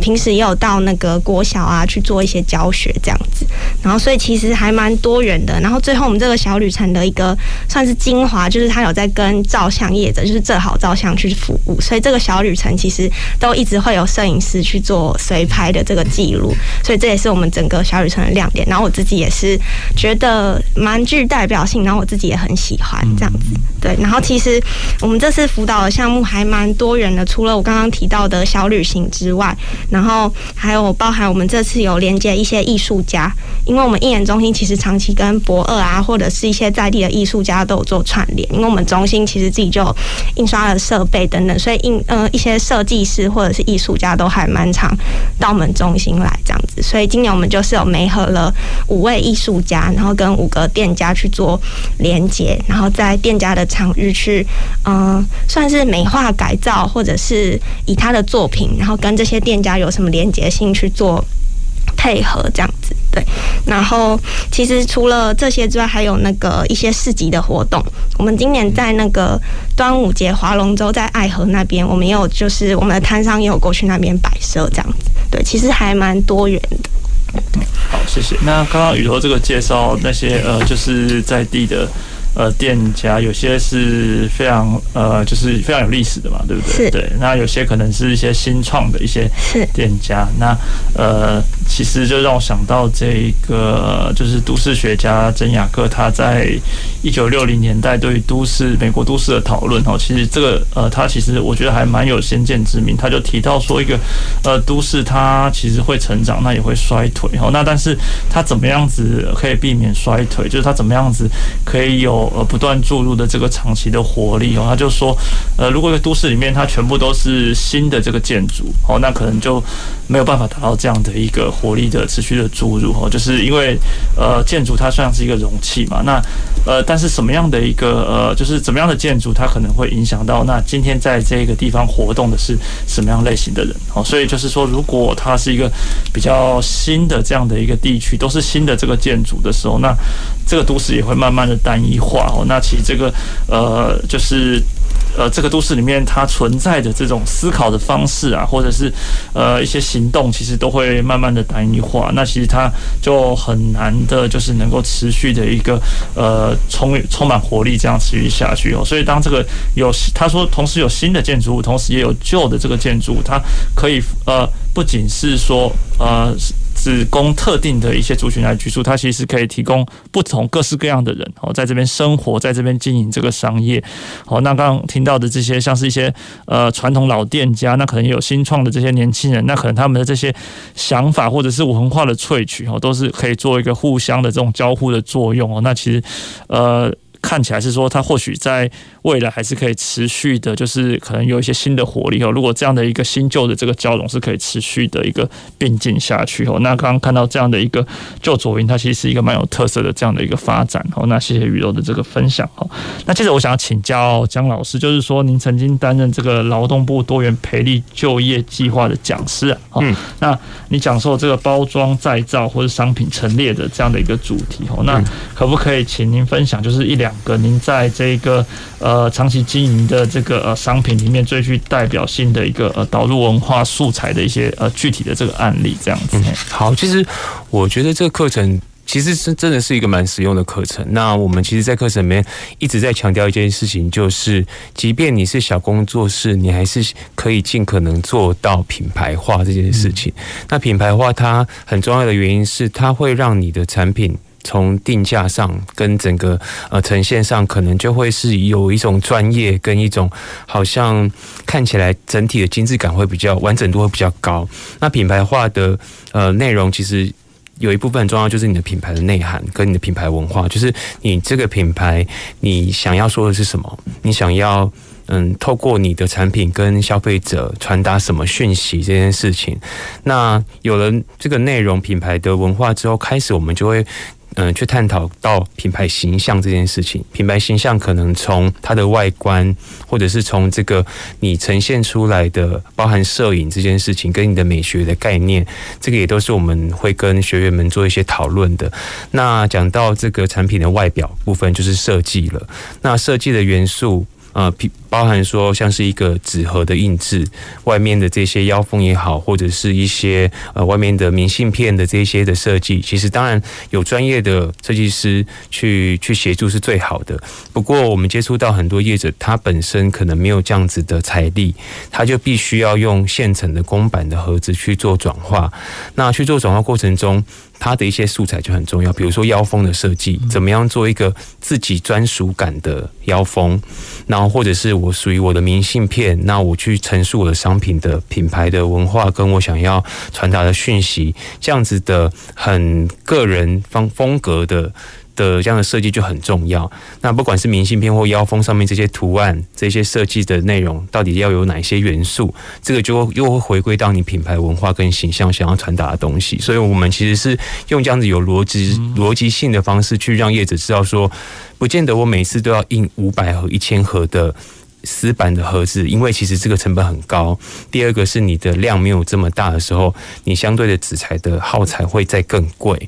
平時也有到那個國小啊去做一些教學這樣子，然後所以其實還蠻多元的。然後最後我們這個小旅程的一個算是精華，就是他有在跟照相業者，就是正好照相去服務。所以這個小旅程其實都一直會有攝影師去做隨拍的這個記錄，所以這也是我們整個小旅程的亮點。然後我自己也是覺得蠻具代表性，然後我自己也很喜歡這樣子。對，然後其實我們這次輔導的項目還蠻多元的出。除了我剛剛提到的小旅行之外，然後還有包含我們這次有連接一些藝術家，因為我們印研中心其實長期跟駁二啊，或者是一些在地的藝術家都有做串聯，因為我們中心其實自己就印刷了設備等等，所以印呃一些設計師或者是藝術家都還蠻常到我們中心來這樣子。所以今年我們就是有媒合了五位藝術家，然後跟五個店家去做連接，然後在店家的場域去嗯、呃，算是美化改造或者是。是以他的作品，然後跟這些店家有什麼連接性去做配合，這樣子對。然後其實除了這些之外，還有那個一些市集的活動。我們今年在那個端午節划龍舟，在愛河那邊，我們也有就是我們的攤商也有過去那邊擺設這樣子。對，其實還蠻多元的。好，謝謝。那剛剛宇柔這個介紹那些呃，就是在地的。呃，店家有些是非常呃，就是非常有歷史的嘛，對不對？是對，那有些可能是一些新創的一些店家，是那呃。其實就讓我想到這個，就是都市學家珍雅各他在一九六零年代對於都市美國都市的討論哦。其實這個呃，他其實我覺得還蠻有先見之明。他就提到說，一個呃，都市它其實會成長，那也會衰退哦。那但是它怎麼樣子可以避免衰退？就是它怎麼樣子可以有呃不斷注入的這個長期的活力哦？他就說，呃，如果一個都市裡面它全部都是新的這個建築哦，那可能就沒有辦法達到這樣的一個。活力的持續的注入吼，就是因為呃建築它算是一個容器嘛，那呃但是什麼樣的一個呃就是怎麼樣的建築，它可能會影響到那今天在這個地方活動的是什麼樣類型的人哦，所以就是說如果它是一個比較新的這樣的一個地區，都是新的這個建築的時候，那這個都市也會慢慢的單一化哦，那其實這個呃就是。呃，這個都市裡面它存在的這種思考的方式啊，或者是呃一些行動，其實都會慢慢的單一化。那其實它就很難的，就是能夠持續的一個呃充充滿活力這樣持續下去哦。所以當這個有他說，同時有新的建築物，同時也有舊的這個建築物，它可以呃不僅是說呃。只供特定的一些族群來居住，它其實可以提供不同各式各樣的人哦，在這邊生活，在這邊經營這個商業。好，那剛剛聽到的這些，像是一些呃傳統老店家，那可能也有新創的這些年輕人，那可能他們的這些想法或者是文化的萃取哦，都是可以做一個互相的這種交互的作用哦。那其實呃。看起來是說，它或許在未來還是可以持續的，就是可能有一些新的活力哦、喔。如果這樣的一個新舊的這個交融是可以持續的一個並進下去哦、喔，那剛剛看到這樣的一個舊左營，它其實是一個蠻有特色的這樣的一個發展哦、喔。那謝謝宇柔的這個分享哦、喔。那接着我想要請教、喔、江老師，就是說您曾經擔任這個勞動部多元培力就業計劃的講師啊，嗯，那你講說這個包裝再造或者商品陳列的這樣的一個主題哦、喔，那可不可以請您分享，就是一兩？跟您在這個呃長期經營的這個呃商品裡面最具代表性的一個呃導入文化素材的一些呃具體的這個案例這樣子。嗯、好，其實我覺得這個課程其實是真的是一個蠻實用的課程。那我們其實，在課程裡面一直在強調一件事情，就是即便你是小工作室，你還是可以盡可能做到品牌化這件事情。嗯、那品牌化它很重要的原因，是它會讓你的產品。從定價上跟整個呃呈現上，可能就會是有一種專業跟一種好像看起來整體的精緻感會比較完整度會比較高。那品牌化的呃內容其實有一部分很重要，就是你的品牌的內涵跟你的品牌文化，就是你這個品牌你想要說的是什麼，你想要嗯透過你的產品跟消費者傳達什麼訊息這件事情。那有了這個內容品牌的文化之後，開始我們就會。嗯，去探討到品牌形象這件事情，品牌形象可能從它的外觀，或者是從這個你呈現出來的包含攝影這件事情，跟你的美學的概念，這個也都是我們會跟學員們做一些討論的。那講到這個產品的外表部分，就是設計了。那設計的元素。呃，包含說像是一個紙盒的印製，外面的這些腰封也好，或者是一些呃外面的明信片的這些的設計，其實當然有專業的設計師去去協助是最好的。不過我們接觸到很多業者，他本身可能沒有這樣子的財力，他就必須要用現成的公版的盒子去做轉化。那去做轉化過程中，它的一些素材就很重要，比如說腰封的設計，怎麼樣做一個自己專屬感的腰封，然後或者是我屬於我的明信片，那我去陳述我的商品的品牌的文化，跟我想要傳達的訊息，這樣子的很個人方風格的。的這樣的設計就很重要。那不管是明信片或腰封上面這些圖案、這些設計的內容，到底要有哪些元素？這個就又會回歸到你品牌文化跟形象想要傳達的東西。所以，我們其實是用這樣子有邏輯、嗯、邏輯性的方式去讓業者知道說，不見得我每次都要印五百盒、一千盒的。死板的盒子，因為其實這個成本很高。第二個是你的量沒有這麼大的時候，你相對的紙材的耗材會再更貴。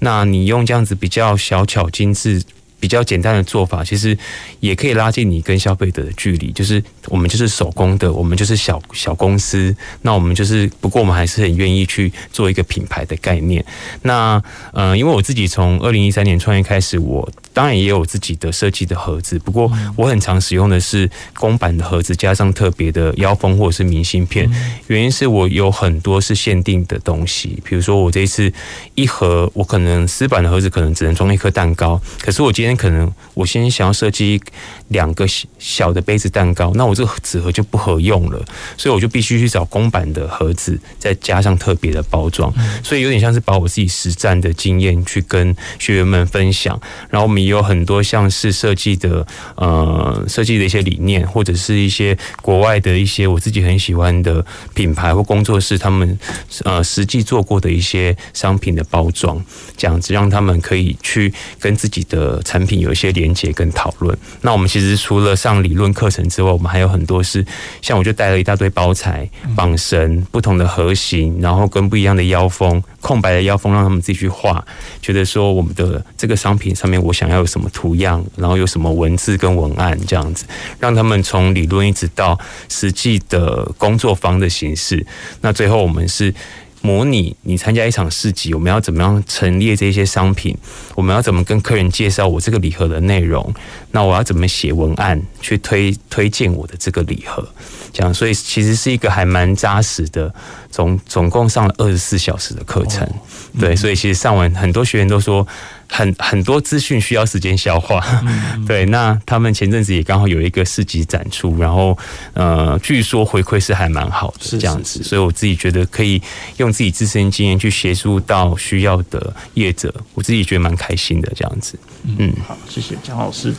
那你用這樣子比較小巧精緻、比較簡單的做法，其實也可以拉近你跟消費者的距離。就是我們就是手工的，我們就是小小公司，那我們就是不過我們還是很願意去做一個品牌的概念。那呃，因為我自己從二零一三年創業開始，我。當然也有自己的設計的盒子，不過我很常使用的是公版的盒子，加上特別的腰封或者是明信片。原因是我有很多是限定的東西，比如說我這一次一盒，我可能私版的盒子可能只能裝一顆蛋糕，可是我今天可能我先想要設計兩個小的杯子蛋糕，那我這個紙盒就不合用了，所以我就必須去找公版的盒子，再加上特別的包裝。所以有點像是把我自己實戰的經驗去跟學員們分享，然後明。有很多像是設計的呃設計的一些理念，或者是一些國外的一些我自己很喜歡的品牌或工作室，他們呃實際做過的一些商品的包裝，這樣子讓他們可以去跟自己的產品有一些連接跟討論。那我們其實除了上理論課程之外，我們還有很多是像我就帶了一大堆包材、綁繩、不同的盒型，然後跟不一樣的腰封。空白的腰封讓他們自己去畫，覺得說我們的這個商品上面我想要有什麼圖樣，然後有什麼文字跟文案這樣子，讓他們從理論一直到實際的工作坊的形式。那最後我們是模擬你參加一場市集，我們要怎麼樣陳列這些商品？我們要怎麼跟客人介紹我這個禮盒的內容？那我要怎麼寫文案去推推薦我的這個禮盒？這樣，所以其實是一個還蠻扎實的，總總共上了二十四小時的課程，哦嗯、對，所以其實上完很多學員都說，很很多資訊需要時間消化，嗯、對，那他們前陣子也剛好有一個四級展出，然後呃，據說回饋是還蠻好的，這樣子，是是是。所以我自己覺得可以用自己自身經驗去協助到需要的業者，我自己覺得蠻開心的，這樣子，嗯，嗯好，謝謝江老師。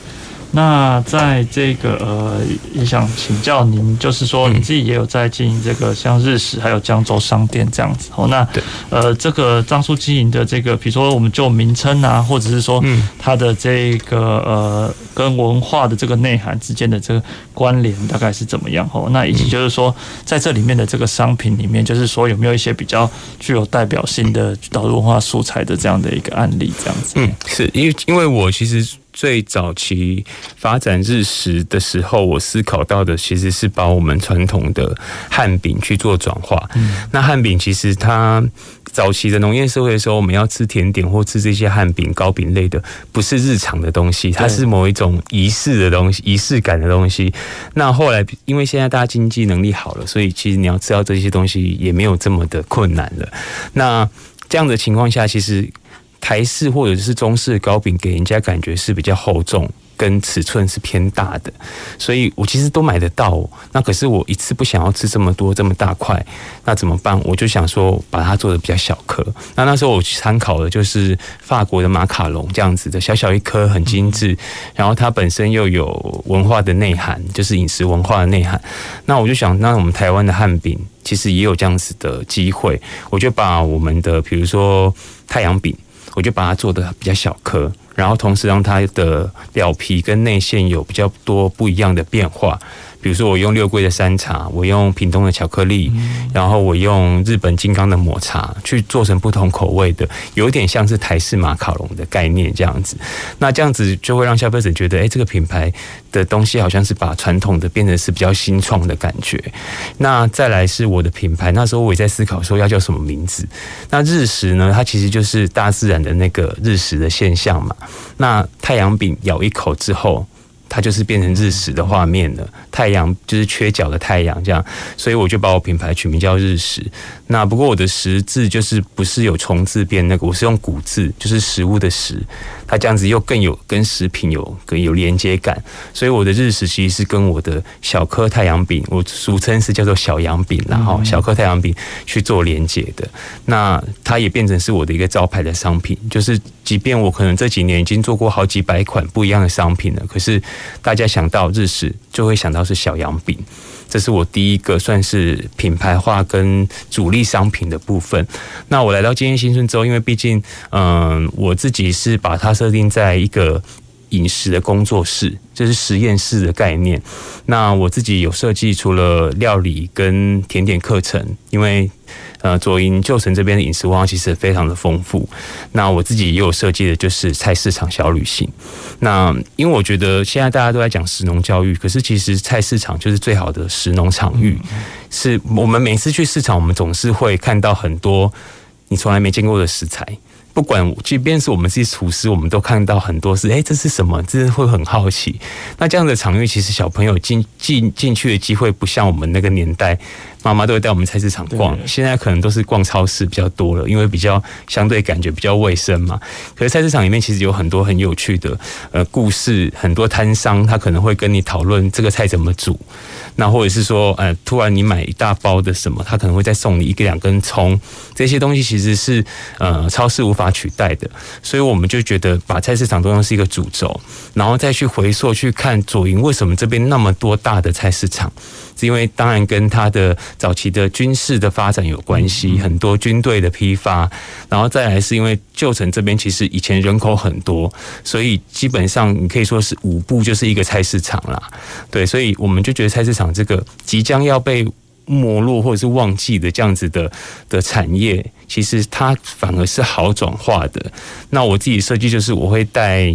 那在這個呃，也想請教您，就是說你自己也有在經營這個像日食還有江舟商店這樣子哦。那對呃，這個張叔經營的這個，比如說我們就名稱啊，或者是說它的這個、嗯、呃，跟文化的這個內涵之間的這個關聯大概是怎麼樣？哦，那以及就是說在這裡面的這個商品裡面，嗯、就是說有沒有一些比較具有代表性的導入文化素材的這樣的一個案例？這樣子，嗯，是因為因為我其實。最早期發展日食的時候，我思考到的其實是把我們傳統的漢餅去做轉化。那漢餅其實它早期的農業社會的時候，我們要吃甜點或吃這些漢餅、糕餅類的，不是日常的東西，它是某一種儀式的東西、儀式感的東西。那後來因為現在大家經濟能力好了，所以其實你要吃到這些東西也沒有這麼的困難了。那這樣的情況下，其實。台式或者是中式的糕餅，給人家感覺是比較厚重，跟尺寸是偏大的，所以我其實都買得到。那可是我一次不想要吃這麼多這麼大塊，那怎麼辦？我就想說把它做得比較小顆。那那時候我去參考的就是法國的馬卡龍這樣子的小小一顆很精緻，嗯、然後它本身又有文化的內涵，就是飲食文化的內涵。那我就想，那我們台灣的漢餅其實也有這樣子的機會，我就把我們的比如說太陽餅。我就把它做的比較小顆，然後同時讓它的表皮跟內餡有比較多不一樣的變化。比如說，我用六桂的山茶，我用屏東的巧克力，然後我用日本金剛的抹茶去做成不同口味的，有點像是台式馬卡龍的概念這樣子。那這樣子就會讓消費者覺得，誒、欸，這個品牌的東西好像是把傳統的變成是比較新創的感覺。那再來是我的品牌，那時候我也在思考說要叫什麼名字。那日食呢？它其實就是大自然的那個日食的現象嘛。那太陽餅咬一口之後。它就是變成日食的畫面了，太陽就是缺角的太陽這樣，所以我就把我品牌取名叫日食。那不過我的食字就是不是有蟲字邊那個，我是用古字，就是食物的食。它這樣子又更有跟食品有更有連接感，所以我的日食其實是跟我的小顆太陽餅，我俗稱是叫做小陽餅，然後、mm hmm. 小顆太陽餅去做連接的。那它也變成是我的一個招牌的商品，就是即便我可能這幾年已經做過好幾百款不一樣的商品了，可是。大家想到日式，就會想到是小羊餅，這是我第一個算是品牌化跟主力商品的部分。那我來到建業新村之後，因為畢竟，嗯，我自己是把它設定在一個飲食的工作室，這、就是實驗室的概念。那我自己有設計除了料理跟甜點課程，因為。呃，左營舊城這邊的飲食文化，其實非常的豐富。那我自己也有設計的，就是菜市場小旅行。那因為我覺得現在大家都在講食農教育，可是其實菜市場就是最好的食農場域。嗯嗯，是我們每次去市場，我們總是會看到很多你從來沒見過的食材。不管即便是我們自己廚師，我們都看到很多是，哎、欸，這是什麼？真會，會很好奇。那這樣的場域，其實小朋友進進進去的機會，不像我們那個年代，媽媽都會帶我們菜市場逛，對現在可能都是逛超市，比較多了，因為比較相對感覺比較衛生嘛。可是菜市場裡面其實有很多很有趣的呃故事，很多攤商他可能會跟你討論這個菜怎麼煮，那或者是說呃突然你買一大包的什麼，他可能會再送你一個兩根蔥，這些東西其實是呃超市無法取代的，所以我們就覺得把菜市場都當成是一個主軸，然後再去回溯去看左營為什麼這邊那麼多大的菜市場。是因為當然跟他的早期的軍事的發展有關係，很多軍隊的批發，然後再來是因為舊城這邊其實以前人口很多，所以基本上你可以說是五步就是一個菜市場啦。對，所以我們就覺得菜市場這個即將要被沒落或者是忘記的這樣子的的產業，其實它反而是好轉化的。那我自己設計就是我會帶。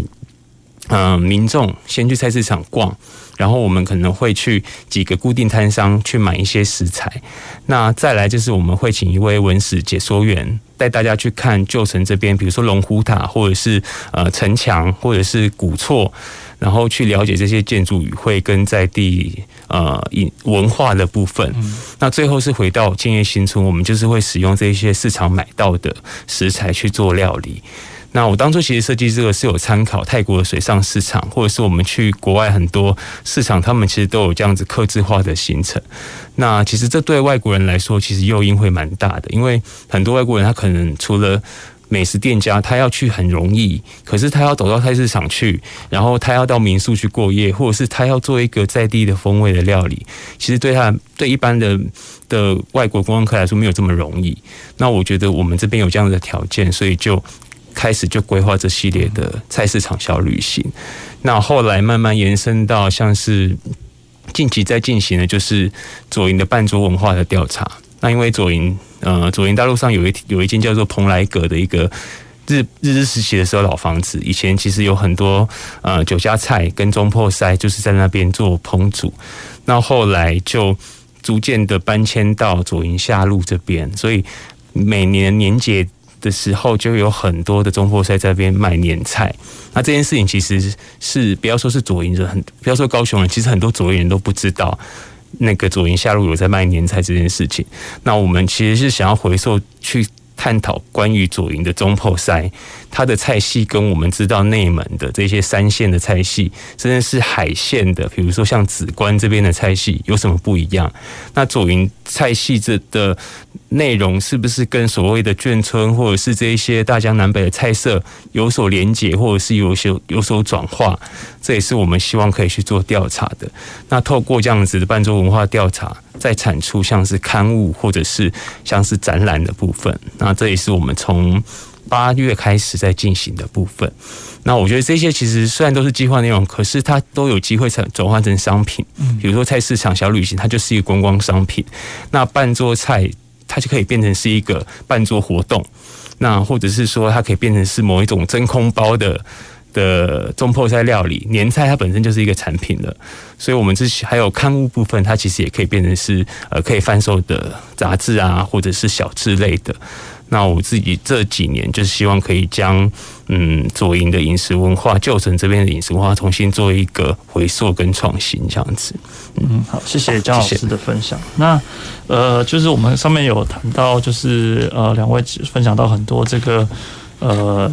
嗯、呃，民眾先去菜市場逛，然後我們可能會去幾個固定攤商去買一些食材。那再來就是我們會請一位文史解說員帶大家去看舊城這邊，比如說龍虎塔，或者是呃城牆，或者是古厝，然後去了解這些建築語彙跟在地呃文化的部分。嗯、那最後是回到建業新村，我們就是會使用這些市場買到的食材去做料理。那我當初其實設計這個是有參考泰國的水上市場，或者是我們去國外很多市場，他們其實都有這樣子客製化的行程。那其實這對外國人來說，其實誘因會蠻大的，因為很多外國人他可能除了美食店家，他要去很容易，可是他要走到菜市場去，然後他要到民宿去過夜，或者是他要做一個在地的風味的料理，其實對他對一般的的外國觀光客來說沒有這麼容易。那我覺得我們這邊有這樣的條件，所以就。開始就規劃這系列的菜市場小旅行，那後來慢慢延伸到像是近期在進行的，就是左營的辦桌文化的調查。那因為左營，呃，左營大路上有一有一間叫做蓬萊閣的一個日日治時期的時候老房子，以前其實有很多呃酒家菜跟中破塞，就是在那邊做烹煮。那後來就逐漸的搬遷到左營下路這邊，所以每年年節。的時候就有很多的總舖師，在那邊賣年菜，那這件事情其實是不要說是左營人，很不要說高雄人，其實很多左營人都不知道那個左營下路有在賣年菜這件事情。那我們其實是想要回溯去探討關於左營的總舖師，它的菜系跟我們知道內門的這些山線的菜系，甚至是海線的，比如說像梓官這邊的菜系有什麼不一樣？那左營。菜系這的內容是不是跟所謂的眷村或者是這一些大江南北的菜色有所連結，或者是有些有所轉化？這也是我們希望可以去做調查的。那透過這樣子的飯桌文化調查，再產出像是刊物或者是像是展覽的部分，那這也是我們從。八月開始在進行的部分，那我覺得這些其實雖然都是計劃內容，可是它都有機會轉轉換成商品。比如說菜市場小旅行，它就是一個觀光商品；那辦桌菜，它就可以變成是一個辦桌活動；那或者是說，它可以變成是某一種真空包的的中破菜料理年菜，它本身就是一個產品了。所以，我們之前還有刊物部分，它其實也可以變成是呃可以販售的雜誌啊，或者是小誌類的。那我自己這幾年就是希望可以將嗯，左營的飲食文化、舊城這邊的飲食文化，重新做一個回溯跟創新這樣子。嗯，嗯，好，謝謝江老師的分享。謝謝。那呃，就是我們上面有談到，就是呃，兩位分享到很多這個呃，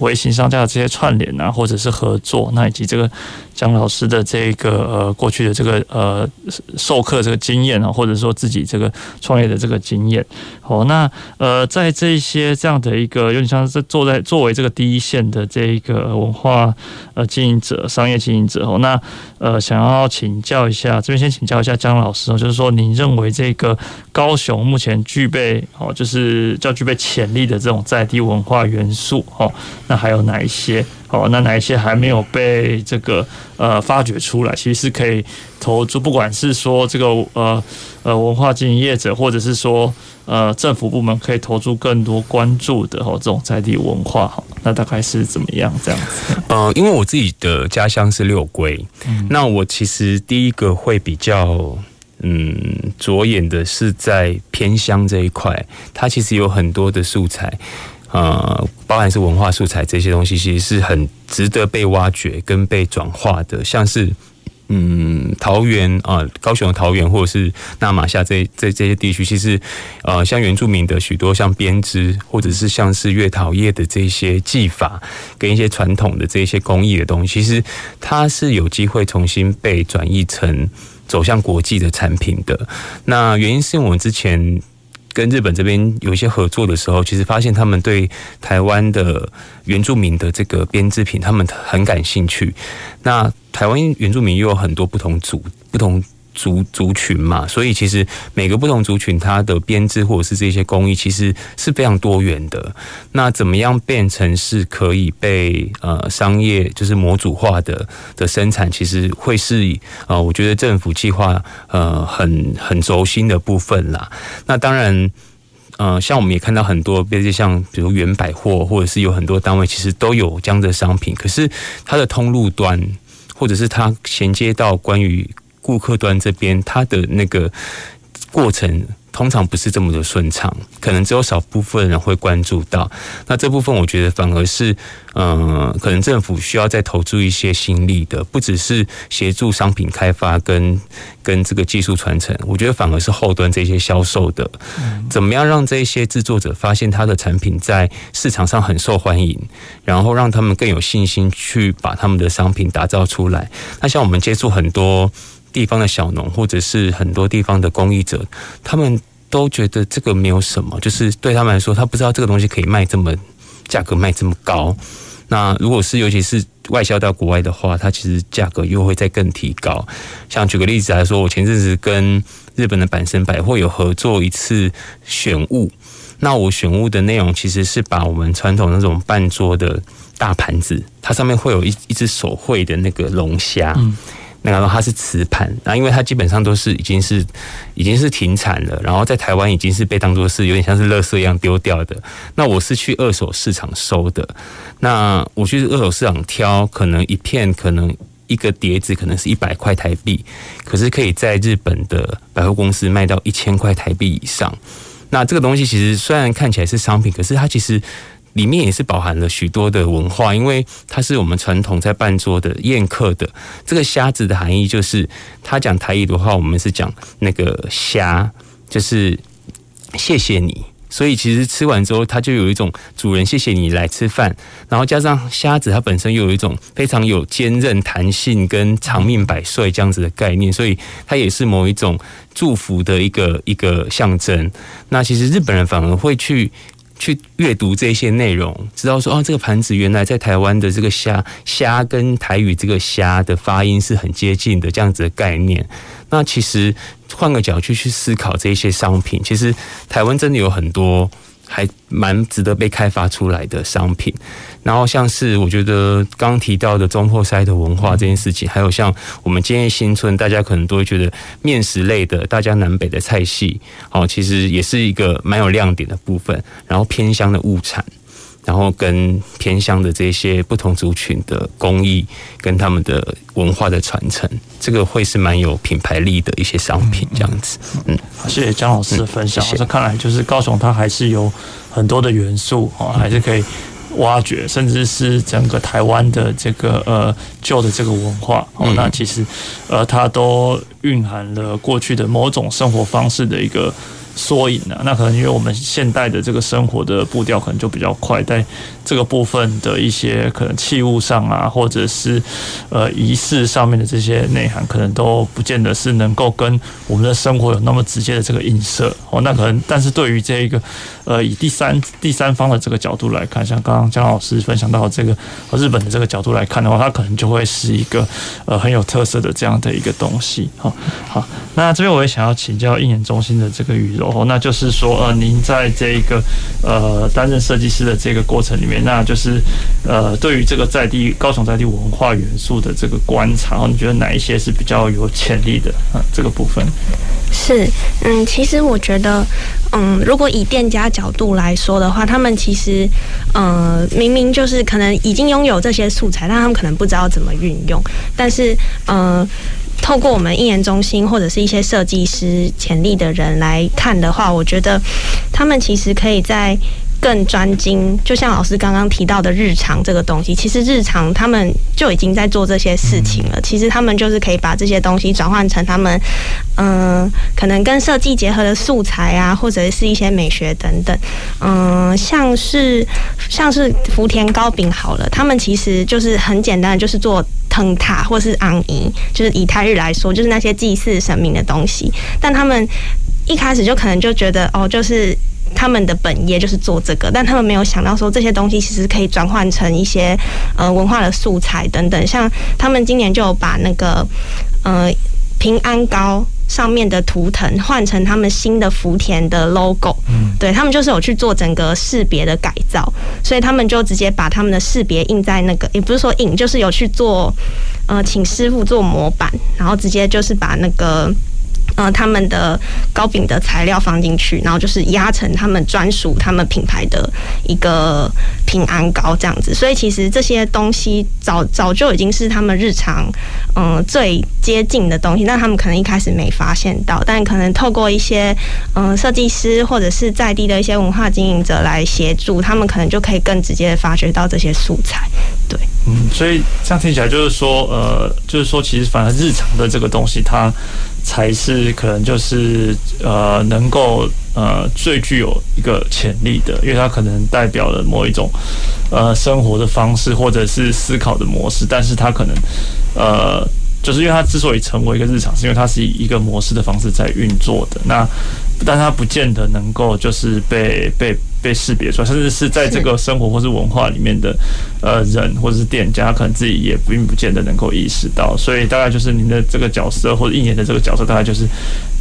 微型商家的這些串聯啊，或者是合作，那以及這個。江老師的這個呃過去的這個呃授課這個經驗哦，或者說自己這個創業的這個經驗哦，那呃在這一些這樣的一個有點像是坐在作為這個第一線的這一個文化呃經營者、商業經營者哦，那呃想要請教一下，這邊先請教一下江老師哦，就是說您認為這個高雄目前具備哦，就是較具備潛力的這種在地文化元素哦，那還有哪一些？好，那哪一些還沒有被這個呃發掘出來？其實是可以投注，不管是說這個呃呃文化經營者，或者是說呃政府部門可以投注更多關注的哦，這種在地文化哈，那大概是怎麼樣這樣子？呃，因為我自己的家鄉是六龜，嗯、那我其實第一個會比較嗯着眼的是在偏鄉這一塊，它其實有很多的素材。呃，包含是文化素材這些東西，其實是很值得被挖掘跟被轉化的。像是，嗯，桃園啊、呃，高雄的桃園，或者是那瑪夏這這這些地區，其實，呃，像原住民的許多像編織，或者是像是月桃葉的這些技法，跟一些傳統的這些工藝的東西，其實它是有機會重新被轉移成走向國際的產品的。那原因是，我們之前，跟日本這邊有一些合作的時候，其實發現他們對台灣的原住民的這個編織品，他們很感興趣。那台灣原住民又有很多不同族不同。族族群嘛，所以其實每個不同族群它的編織或者是這些工藝，其實是非常多元的。那怎麼樣變成是可以被呃商業就是模組化的的生產？其實會是呃我覺得政府計劃呃很很軸心的部分啦。那當然，呃像我們也看到很多，比如像比如原百貨或者是有很多單位，其實都有這樣的商品，可是它的通路端或者是它銜接到關於。顧客端這邊，它的那個過程通常不是這麼的順暢，可能只有少部分人會關注到。那這部分，我覺得反而是，嗯、呃，可能政府需要再投注一些心力的，不只是協助商品開發跟跟這個技術傳承。我覺得反而是後端這些銷售的，嗯、怎麼樣讓這些制作者發現他的產品在市場上很受歡迎，然後讓他們更有信心去把他們的商品打造出來。那像我們接觸很多。地方的小農，或者是很多地方的工藝者，他們都覺得這個沒有什麼，就是對他們來說，他不知道這個東西可以賣這麼價格賣這麼高。那如果是尤其是外銷到國外的話，它其實價格又會再更提高。像舉個例子來說，我前陣子跟日本的阪神百貨有合作一次選物，那我選物的內容其實是把我們傳統那種辦桌的大盤子，它上面會有一一只手繪的那個龍蝦。嗯那時候它是瓷盤，那、啊、因為它基本上都是已經是已經是停產了，然後在台灣已經是被當作是有點像是垃圾一樣丟掉的。那我是去二手市場收的，那我去二手市場挑，可能一片，可能一個碟子，可能是一百塊台幣，可是可以在日本的百貨公司賣到一千塊台幣以上。那這個東西其實雖然看起來是商品，可是它其實。裡面也是包含了許多的文化，因為它是我們傳統在辦桌的宴客的。這個蝦子的含義就是他講台語的話，我們是講那個蝦，就是謝謝你。所以其實吃完之後，它就有一種主人謝謝你來吃飯，然後加上蝦子，它本身又有一種非常有堅韌、彈性跟長命百歲這樣子的概念，所以它也是某一種祝福的一個一個象徵。那其實日本人反而會去。去閱讀這些內容，知道說啊，這個盤子原來在台灣的這個蝦蝦跟台語這個蝦的發音是很接近的，這樣子的概念。那其實換個角度去思考這些商品，其實台灣真的有很多。還蠻值得被開發出來的商品，然後像是我覺得剛提到的中破塞的文化這件事情，還有像我們建業新村，大家可能都會覺得面食類的，大江南北的菜系，好，其實也是一個蠻有亮點的部分，然後偏鄉的物產。然後跟偏鄉的這些不同族群的工藝，跟他們的文化的傳承，這個會是蠻有品牌力的一些商品，這樣子。嗯，好，謝謝江老師的分享。嗯、謝謝說看來就是高雄，它還是有很多的元素哦，還是可以挖掘，甚至是整個台灣的這個呃舊的這個文化哦。那其實呃，它都蘊含了過去的某種生活方式的一個。縮影呢、啊？那可能因為我們現代的這個生活的步調可能就比較快，在這個部分的一些可能器物上啊，或者是呃儀式上面的這些內涵，可能都不見得是能夠跟我們的生活有那麼直接的這個映射哦。那可能，但是對於這一個呃以第三第三方的這個角度來看，像剛剛江老師分享到這個和日本的這個角度來看的話，它可能就會是一個呃很有特色的這樣的一個東西。哦，好，那這邊我也想要請教印研中心的這個宇柔。哦，那就是說，呃，您在這一個呃擔任設計師的這個過程裡面，那就是呃，對於這個在地高雄在地文化元素的這個觀察，你覺得哪一些是比較有潛力的，呃，這個部分是，嗯，其實我覺得，嗯，如果以店家角度來說的話，他們其實，呃，嗯，明明就是可能已經擁有這些素材，但他們可能不知道怎麼運用，但是，呃，嗯……透過我們印研中心或者是一些設計師潛力的人來看的話，我覺得他們其實可以在。更專精，就像老師剛剛提到的日常這個東西，其實日常他們就已經在做這些事情了。嗯、其實他們就是可以把這些東西轉換成他們嗯、呃，可能跟設計結合的素材啊，或者是一些美學等等。嗯、呃，像是像是福田糕餅好了，他們其實就是很簡單就是做藤塔或是昂儀，i, 就是以泰日來說，就是那些祭祀神明的東西。但他們一開始就可能就覺得哦，就是。他們的本業就是做這個，但他們沒有想到說，這些東西其實可以轉換成一些呃文化的素材等等。像他們今年就有把那個呃平安糕上面的圖騰換成他們新的福田的 logo，嗯，對他們就是有去做整個識別的改造，所以他們就直接把他們的識別印在那個，也不是說印，就是有去做呃請師傅做模板，然後直接就是把那個。嗯，他們的糕餅的材料放進去，然後就是壓成他們專屬他們品牌的一個平安糕這樣子。所以其實這些東西早早就已經是他們日常嗯最接近的東西，但他們可能一開始沒發現到，但可能透過一些嗯設計師或者是在地的一些文化經營者來協助，他們可能就可以更直接的發掘到這些素材。對，嗯，所以這樣聽起來就是說，呃，就是說，其實反而日常的這個東西，它才是可能就是呃，能夠呃最具有一個潛力的，因為它可能代表了某一種呃生活的方式，或者是思考的模式。但是它可能呃，就是因為它之所以成為一個日常，是因為它是以一個模式的方式在運作的。那，但它不見得能夠就是被被。被識別出來，甚至是在這個生活或是文化裡面的，呃是，人或者是店家，可能自己也並不見得能夠意識到。所以大概就是您的這個角色或者扮演的這個角色，大概就是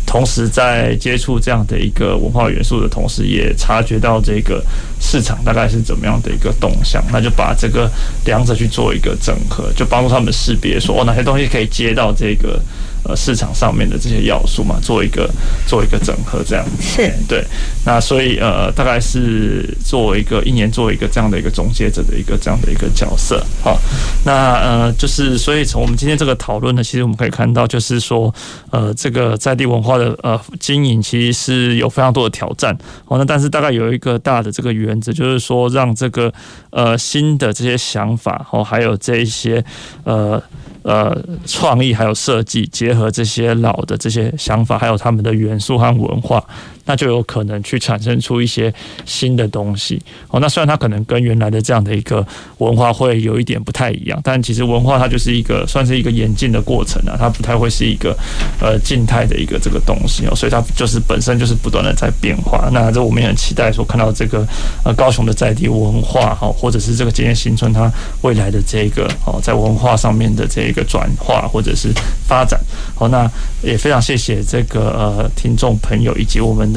同時在接觸這樣的一個文化元素的同時，也察覺到這個市場大概是怎麼樣的一個動向，那就把這個兩者去做一個整合，就幫助他們識別說，哦，哪些東西可以接到這個。呃，市場上面的這些要素嘛，做一個做一個整合，這樣是對。那所以呃，大概是作為一個一年做一個這樣的一個總結者的一個這樣的一個角色。好、哦，那呃，就是所以從我們今天這個討論呢，其實我們可以看到，就是說呃，這個在地文化的呃經營其實是有非常多的挑戰。好、哦，那但是大概有一個大的這個原則，就是說讓這個呃新的這些想法，好、哦，還有這一些呃。呃，創意還有設計，結合這些老的這些想法，還有他們的元素和文化，那就有可能去產生出一些新的東西哦。那雖然它可能跟原來的這樣的一個文化會有一點不太一樣，但其實文化它就是一個算是一個演進的過程啊，它不太會是一個呃靜態的一個這個東西哦，所以它就是本身就是不斷的在變化。那這我們也很期待說看到這個呃高雄的在地文化哈，或者是這個建業新村它未來的這個哦在文化上面的這個轉化或者是發展。好，那也非常謝謝這個呃聽眾朋友以及我們。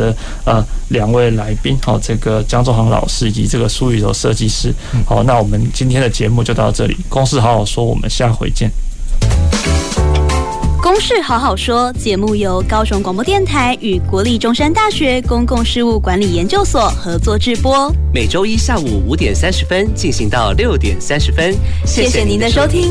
呃，兩位來賓，好，哦，這個江舟航老師以及這個蘇宇柔設計師，好，嗯，哦，那我們今天的節目就到這裡。公事好好說，我們下回見。公事好好說，節目由高雄廣播電台與國立中山大學公共事務管理研究所合作製播，每週一下午五點三十分進行到六點三十分。謝謝，謝謝您的收聽。